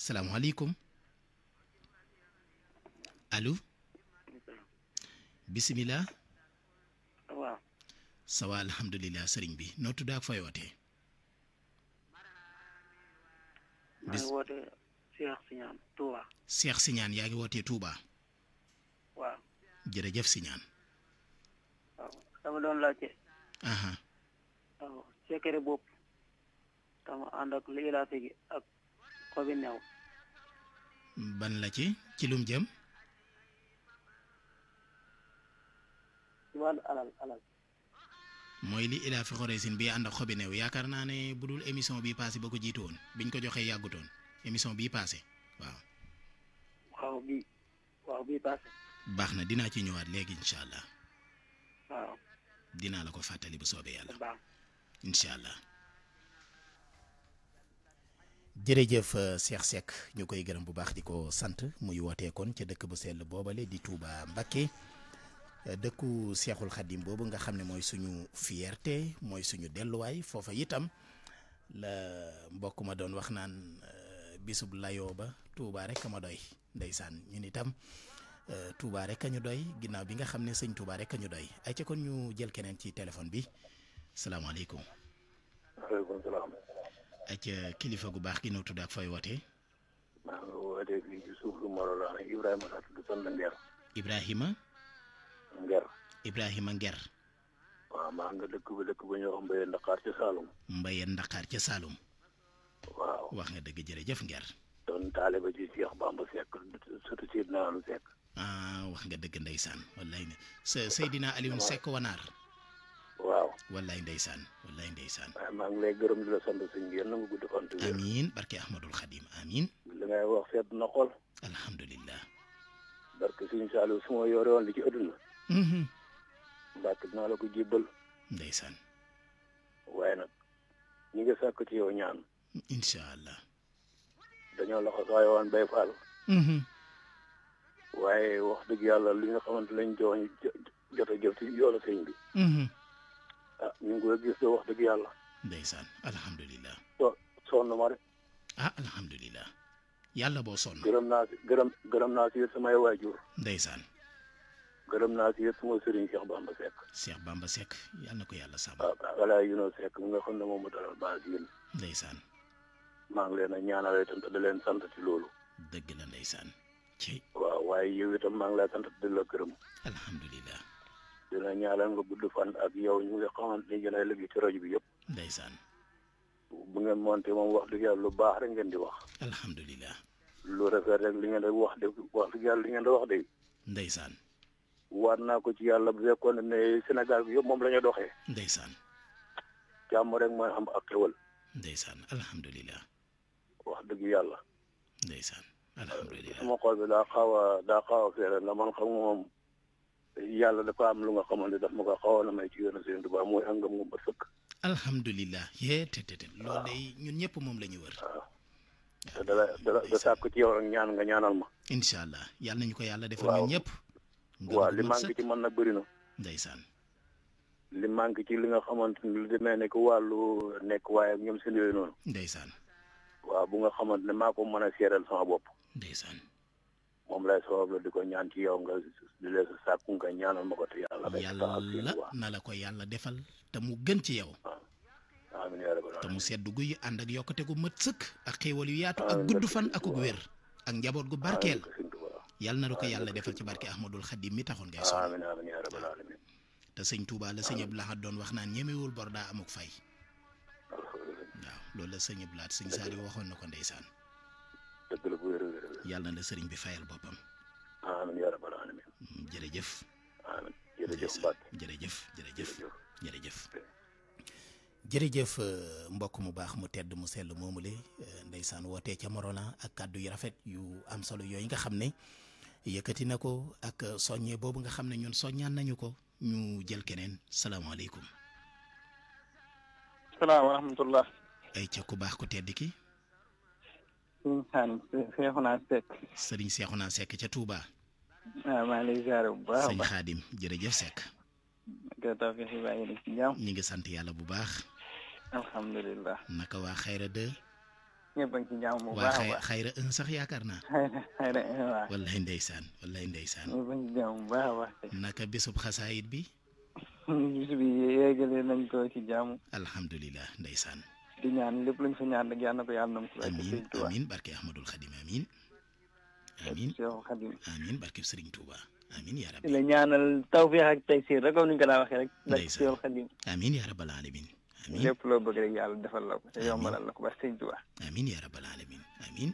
salaamaaleykum allo bisimilah. sawa alhamdulilah sëriñ bi noo tudd ak fooy wootee.
maa ngi wootee Cheikh Siñaan Touba.
Cheikh Siñaan yaa ngi wootee Touba. waaw. jërëjëf Siñaan.
waaw dama doon laajte. waaw secret bopp. dama ànd ak li ilaase gi ak xobi new.
ban la ci ci lum jëm.
ci alal alal.
mooy li ilaa fi xoreesin bi ànd a xobi neew yaakaar naa ne bu dul émission bii ba ko jiitu woon biñ ko joxee yàggutoon émission bii passé waaw. waaw baax na dinaa ci ñëwaat léegi incha allah. waaw. dinaa la ko fàttali bu soobee yàlla. baax allah. jërëjëf euh, Cheikh Seck ñu koy gërëm bu baax di ko sant muy wootee kon ca dëkk bu sell boobale di tuubaa Mbacké. dëkku seexul xadim boobu nga xam ne mooy suñu fierté mooy suñu delluwaay foofa itam la mbokk ma doon wax naan euh, bisub layo ba Touba rek a ma doy ndeysaan ñun itam euh, Touba rek a ñu doy ginnaaw bi nga xam ne sëñ Touba rek a ñu doy ay ca kon ñu jël keneen ci téléphone bi salaamaaleykum. waaleykum salaam. kilifa gu baax gi noo tudd ak fooy wootee. Ibrahima. Nger. Ibrahima Nger.
waaw maa nga dëkk ba dëkk ba ñu wax Mbaye Ndakaar ca Saalum.
Mbaye Ndakaar ca Saalum. waaw wax nga dëgg jërëjëf Nger.
doon taaliba ci Cheikh Bamba Seck surtout Seydina Aliou Seck.
Ah, dëgg sa Seydina Aliou Seck wanaar. waaw wallaay ndeysaan wallaay
ndeysaan. waaw maa ngi lay gërëm di la sant suñu yéen na nga gudd fan.
amiin barke Ahmadul Xadim amiin.
li ngay wax seet barke suñu Saalum su ma yore woon li ci adduna. Mm-hmm. mbàkk dinaa la ko jébbal. ndeysaan. waaye nag ñi nga sàkk ci yow ñaan.
incha allah.
dañoo la ko sooy bay faal. Mm-hmm. waaye wax dëgg yàlla li nga xamante lañ jox jot a jëf mm-hmm. ah, ñu ngi koy gis de wax dëgg yàlla. ndeysaan alhamdulilah. so sonn ma rek.
ah alhamdulilah. yàlla boo sonn.
gërëm naa si gërëm naa si samay waajur. ndeysaan. gërëm naa si yëpp mooy Serigne Cheikh Bamba Seck.
Cheikh Bamba Seck yal
na ko yàlla sàmm. waaw voilà Yuno Seck mi nga xam ne moom mu dalal baax yéen. maa ngi leen a ñaanal itam te da leen sant ci loolu. waaw waaye yow itam maa ngi lay sant di la gërëm. alhamdulilah. dina ñaanal nga gudd fan ak yow ñu nga xamante ni yéenay liggéey ci rajo bi yëpp. bu ngeen monté moom wax dëgg yàlla lu baax rek ngeen di wax. alhamdulilah. lu rafet rek li ngeen di wax de wax dëgg yàlla li ngeen di wax de. ndeysaan. waat naa ko ci yàlla bu fekkoon ne Sénégal bi yëpp moom la ñu doxee. ndeysaan. jàmm rek mooy am ak xewal.
ndeysaan alhamdulilah.
wax dëgg yàlla. ndeysaan alhamdulilah sama xol bi daa xaw daa xaw a feere la man xam moom am lu nga xamante daf ma ko xaw na may ci yoonu Sëriñ Tuubaa mooy àngam mu ba sëkk.
alhamdulilah yee te te
te loolu day ñun ñëpp moom la ñu wër. da da da sàkk ci yow rek ñaan nga ñaanal
ma. incha allah yal nañu ko yàlla defal ñun ñëpp. waaw li manque ci man nag bëri na. ndeysaan.
li manque ci li nga xamant ni lu demee nekk wàllu nekk waaye ñoom seen yooyu noonu. ndeysaan. waaw bu nga xamante ne maa ko mën a seeral sama bopp. ndeysaan. moom lay sabab la di ko ñaan ci yow nga di leen sàkku nga ñaanal ma ko te
yàlla. la ko yàlla defal te mu gën ci yow. Ah. te mu sedd guy ànd ak yokkute gu mët sëkk ak xéewal yu yaatu ak gudd fan ak gu wér ak njaboot gu barkeel. yàlla na ko yàlla defal ci barke Ahmadul Xadim mi taxoon ngay sonn amiin te sëñ tuubaal la sëñ Abdou doon wax naan ñemewul bor daa amuk fay waaw loolu la sëñ Abdou Lahad sëñ Saliou waxoon na ko ndeysaan yàlla la sëriñ bi fayal boppam
amiin mm, jërëjëf amiin
jërëjëf jërëjëf euh, mbokk mu baax mu tedd mu sell moomule euh, ndeysaan wootee ca Morona ak kàddu yu rafet yu am solo yooyu nga xam ne yëkkati na ko ak soññee boobu nga xam ne ñun soññaan nañu ko ñu jël keneen salaamaaleykum.
salaam wa rahmatullah.
ay ca ku baax ku tedd ki. sëriñ Sane Seexuna Seck. ca Touba. waaw Xaadim jërëjëf Seck. ñu ngi sant yàlla bu baax. alhamdulilah. naka waa xayra de.
ñëpp a ngi ci baax a baax
xayra un sax yaakaar naa.
xayra xayra un waaw.
wallaay ndeysaan wallaay ndeysaan. a ngi ci jàmm bu baax naka bisub xasaayit
bi. bisub ndeysaan. di na ko yàlla na mu. amiin
amiin barke Ahmadul Xadim amiin. barke Serigne
la ñaanal tawfiix ak taysiir rek comme ni ñu ko daa Xadim.
amiin yaa rabbal lépp
loo bëgg rek yàlla defal la ko te yombalal la ko ba sëñ Tuubaa
amin yaa rabbal alamin amin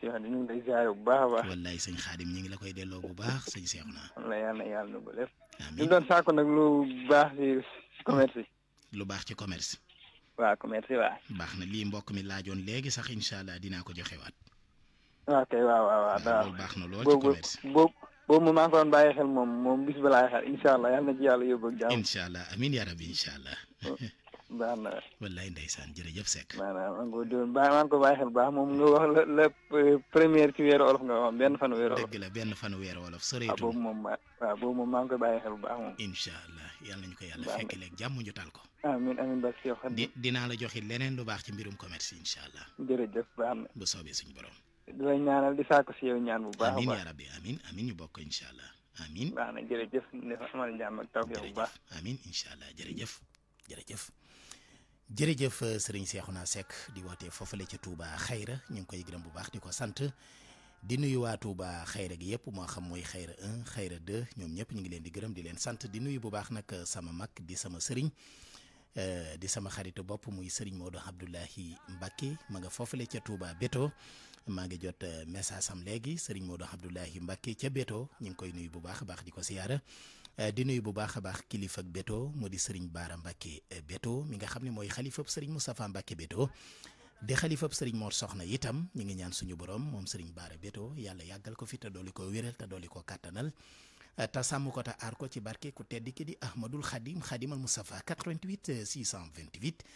si wax ñu ngi lay ziare bu baax a
baax wallaay sëñ Xaadim ñi ngi la koy delloo bu baax sëñ Seex naa
am na yàlla na yàlla na ba lépp
ñu doon saako nag lu baax ci commerce lu baax ci commerce waaw commerce yi waaw na lii mbokk mi laajoon léegi sax incha allah dinaa ko joxewaat
waaw ah, kay waaw waaw waaw daaw baax
na lool ci commerce
boobu boobu moom maa ko doon bàyyi xel moom moom bis ba laay xel incha allah yàlla na ci yàlla yóbbu ak jàmm allah
amin yaa rabbi incha allah
oh. baax na
wallaay ndeysaan jërëjëf Seck
maanaam maa ngi ko baax maa ngi ko xel baax moom nga wax la la première ci weeru olof nga
wax benn fan weeru olof dëgg la benn fan weeru olof soreetu boobu moom waaw boobu moom maa ngi ko bàyyi xel bu ko yàlla fekk léegi jàmm ñu taal ko amin amin ba si yow xam di dinaa lu baax ci mbirum commerce incha allah jërëjëf baax na bu soobee suñu borom
di la ñaanal di sàkku si yow ñaan bu baax amin yaa
rabbi amin amin ñu bokk incha allah amin baax na jërëjëf amal jàmm ak taw bu baax amin incha jërëjëf euh, sëriñ naa Seck di wootee foofale ca Touba xayra ñu ngi koy gërëm bu baax di ko sant di nuyu waa Touba xayra gi yëpp moo xam mooy xayra 1 xayra 2 ñoom ñëpp ñu ngi leen di gërëm di leen sant di nuyu bu baax nag euh, sama mag di sama sëriñ euh, di sama xaritu bopp muy sëriñ Modou Abdoulahi Mbacke ma nga foofale ca Touba Beto maa ngi jot message am léegi sëriñ Modou Abdoulahi Mbacke ca Beto ñu ngi koy nuyu bu baax a baax di ko siyaara Euh, di nuyu bu baax a baax kilifa béto Beto moo di Serigne Baara Mbacke euh, Beto mi nga xam ne mooy xalifa xalifab Serigne Moustapha Mbacke Beto di xalifab Serigne Mor Soxna itam ñu ngi ñaan suñu borom moom Serigne Baara Beto yàlla yàggal ko fi te dooli ko wéral te dooli ko kàttanal euh, te sàmm ko te aar ko ci barke ku tedd ki di Ahmadul Khadim Khadimal Moustapha 88 628.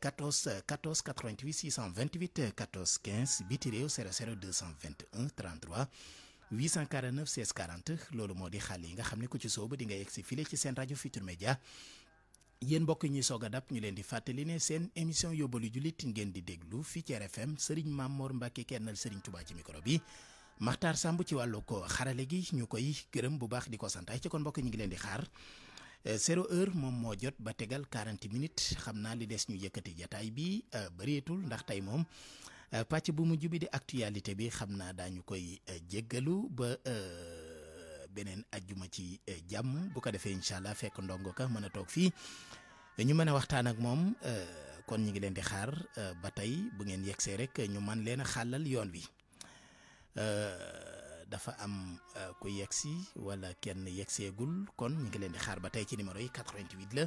14 14 88 628 14 15 biti réew 00 221 33 849 16 40 loolu moo di xàll yi nga xam ne ku ci soobu di nga yegg si file ci seen rajo Futur Media yéen mbokk ñi soog a dab ñu leen di fàttali ne seen émission yóbbalu jullit ngeen di déglu fi ci RFM Serigne Mamor Mbacke kennal Serigne Touba ci micro bi Makhtar Samb ci wàllu ko xarale gi ñu koy gërëm bu baax di ko santaay ay ci kon mbokk ñu ngi leen di xaar. Eh, zéro heure moom moo jot ba tegal 40 minutes xam naa li des ñu yëkkati jataay bi eh, bareetul ndax tey moom Euh, pàcc bu mujj bi di actualité bi xam naa daañu koy euh, jéggalu ba euh, beneen ajjuma ci jàmm bu ko defee incha allah fekk ndongo ka mën a toog fii ñu mën a waxtaan ak moom kon ñu ngi leen di xaar ba tey bu ngeen yegsee rek ñu man leen a xàllal yoon wi dafa am ku yegsi wala kenn yegseegul kon ñu ngi leen di xaar ba tey ci numéro yi 88 la.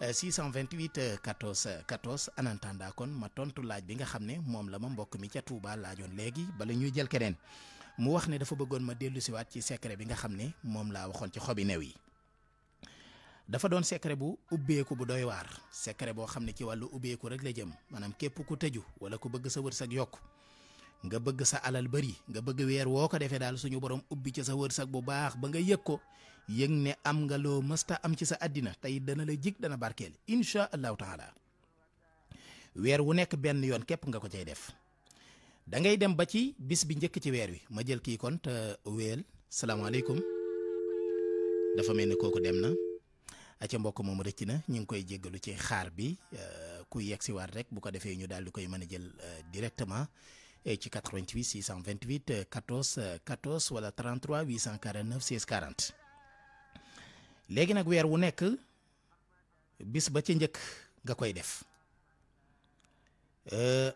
628 14 14 en attendant kon ma tontu laaj bi nga xam ne moom la ma mbokk mi ca Touba laajoon léegi bala ñuy jël keneen mu wax ne dafa bëggoon ma dellu siwaat ci secret bi nga xam ne moom laa waxoon ci xobi new yi dafa doon secret bu ubbeeku bu doy waar secret boo xam ne ci wàllu ubbeeku rek la jëm maanaam képp ku tëju wala ku bëgg sa wërsëg yokk nga bëgg sa alal bari nga bëgg weer woo ko defee daal suñu borom ubbi ca sa wërsëg bu baax ba nga yëg ko yëg ne am nga loo mësta am ci sa àddina tey dana la jig dana barkeel incha allahu taala weer wu nekk benn yoon képp nga ko cay def dangay dem ba ci bis bi njëkk ci weer wi ma jël kii kon te weel salaamaaleykum dafa mel ni kooku dem na aca mbokk moom rëcc na ñu ngi koy jéggalu ci xaar bi euh, ku yegg si waat rek bu ko defee ñu daal di koy mën a jël euh, directement ci 88 628 14 14 wala 33 849 16 léegi nag weer wu nekk bis ba ca njëkk nga koy def euh,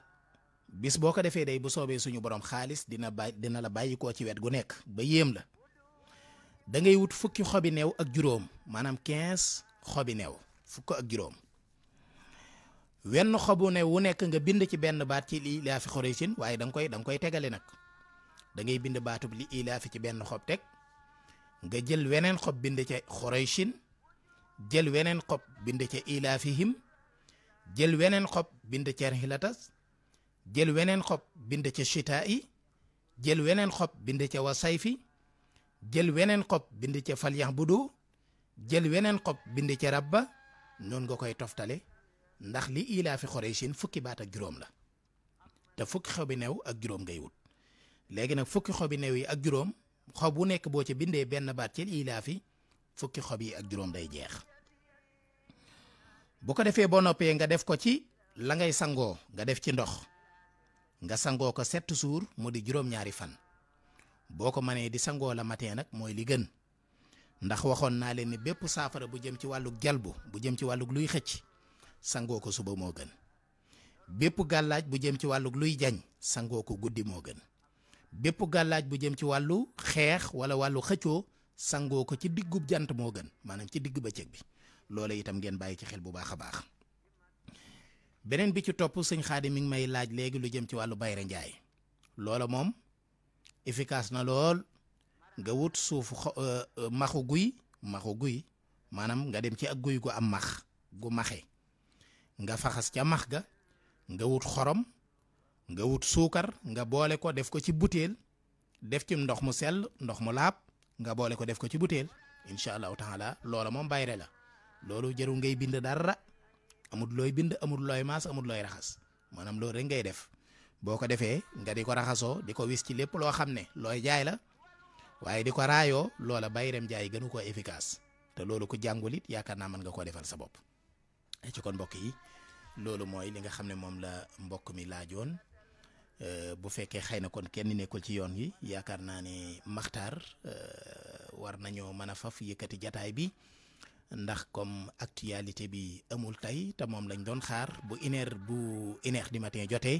bis boo ko defee day bu soobee suñu borom xaalis dina bàyyi dina la bàyyi koo ci wet gu nekk ba yéem la dangay wut fukki xobi neew ak juróom maanaam quinze xobi new fukk ak juróom wenn xobu ne wu nekk nga bind ci benn baat ci lii li ilaafi Qurayshin waaye da nga koy danga koy tegale nag dangay ngay bind baatub li ilaafi ci benn xob teg nga jël weneen xob bind ca xoraychin jël weneen xob bind ca ilaafihim jël weneen xob bind ca rihlatas jël weneen xob bind ca chitaa jël weneen xob bind ca wasayfi jël weneen xob bind ca falyax budu jël weneen xob bind ca rabba noonu nga koy toftale ndax li ilaafi xoraychin fukki baat ak juróom la te fukki xobi new ak juróom ngay wut léegi nag fukki xobi new yi ak juróom xob bu nekk boo ci bindee benn baat ci ilaafi fukki xob yi ak juróom day jeex bu ko defee boo noppee nga def ko ci la ngay sangoo nga def ci ndox nga sangoo ko sept jours mu di juróom-ñaari fan boo ko mënee di sangoo la matin nag mooy li gën ndax waxoon naa leen ni bépp saafara bu jëm ci wàllug jalbu bu jëm ci wàllug luy xëcc sangoo ko suba moo gën bépp gàllaaj bu jëm ci wàllug luy jañ sangoo ko guddi moo gën bépp gàllaaj bu jëm ci wàllu xeex wala wàllu xëccoo sangoo ko ci diggub jant moo gën maanaam ci digg bëccëg bi loola itam ngeen bàyyi ci xel bu baax a baax beneen bi ci topp sëñ Xaadim mi ngi may laaj léegi lu jëm ci wàllu bayra njaay loola moom efficace na lool nga wut suufu euh, euh, maxu guy maxu guy maanaam nga dem ci ak guy gu am max gu maxe nga faxas ca max ga nga wut xorom nga wut suukar nga boole ko def ko ci butéel def ci ndox mu sell ndox mu laab nga boole ko def ko ci butéel incha allahu taala loola moom bayre la loolu jarul ngay bind dara amul looy bind amul looy maas raxas maanaam loolu rek ngay def boo ko defee nga di ko raxasoo di ko wis ci lépp loo xam ne looy jaay la waaye di ko raayoo loola bayrem jaay gënu ko efficace te loolu ku jàngul it yaakaar naa mën nga koo defal sa bopp ci kon mbokk yi loolu mooy li nga xam ne moom la mbokk mi laajoon. Euh, bu fekkee xëy na kon kenn nekkul ci yoon yi yaakaar naa ne maxtaar euh, war nañoo mën a faf yëkkati jataay bi ndax comme actualité bi amul tey te moom lañ doon xaar bu une bu une heure matin jotee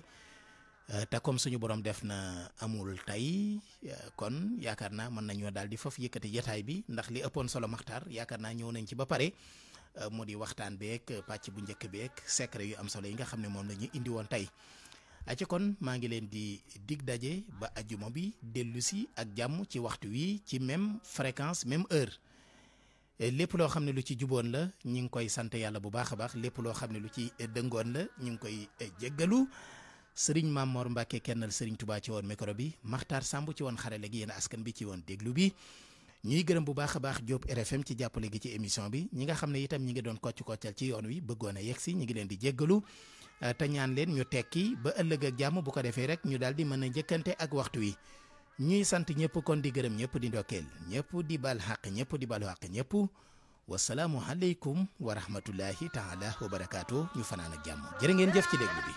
euh, te comme suñu borom def na amul tey kon yaakaar naa mën nañoo daal di faf yëkkati jataay bi ndax li ëppoon solo maxtaar yaakaar naa ñëw nañ ci ba pare mu di waxtaan bi ek pàcc bu njëkk beeg secret yu am solo yi nga xam ne moom la ñu indi woon tey. aca kon maa ngi leen di dig daje ba ajuma bi dellu si ak jàmm ci waxtu wi ci même fréquence même heure lépp loo xam ne lu ci juboon la ñu ngi koy sant yàlla bu baax a baax lépp loo xam ne lu ci dëngoon la ñu ngi koy jéggalu sëriñ Mamor Mbacke kennal sëriñ Touba ci woon micro bi maxtar Samb ci woon xare gi yéen askan bi ci woon déglu bi ñuy gërëm bu baax a baax Diop RFM ci jàppale gi ci émission bi ñi nga xam ne itam ñi ngi doon kocc koccal ci yoon wi bëggoon a si ñi ngi leen di jéggalu Euh, te leen ñu tekki ba ëllëg ak jàmm bu ko defee rek ñu daal di mën a njëkkante ak waxtu wi ñuy sant ñëpp kon di gërëm ñëpp di ndokkeel ñëpp di bal xaq ñëpp di balu xaq ñëpp wasalaamu aleykum wa rahmatullahi taala wa barakaatu ñu fanaan ak jàmm jërë ngeen jëf ci déglu bi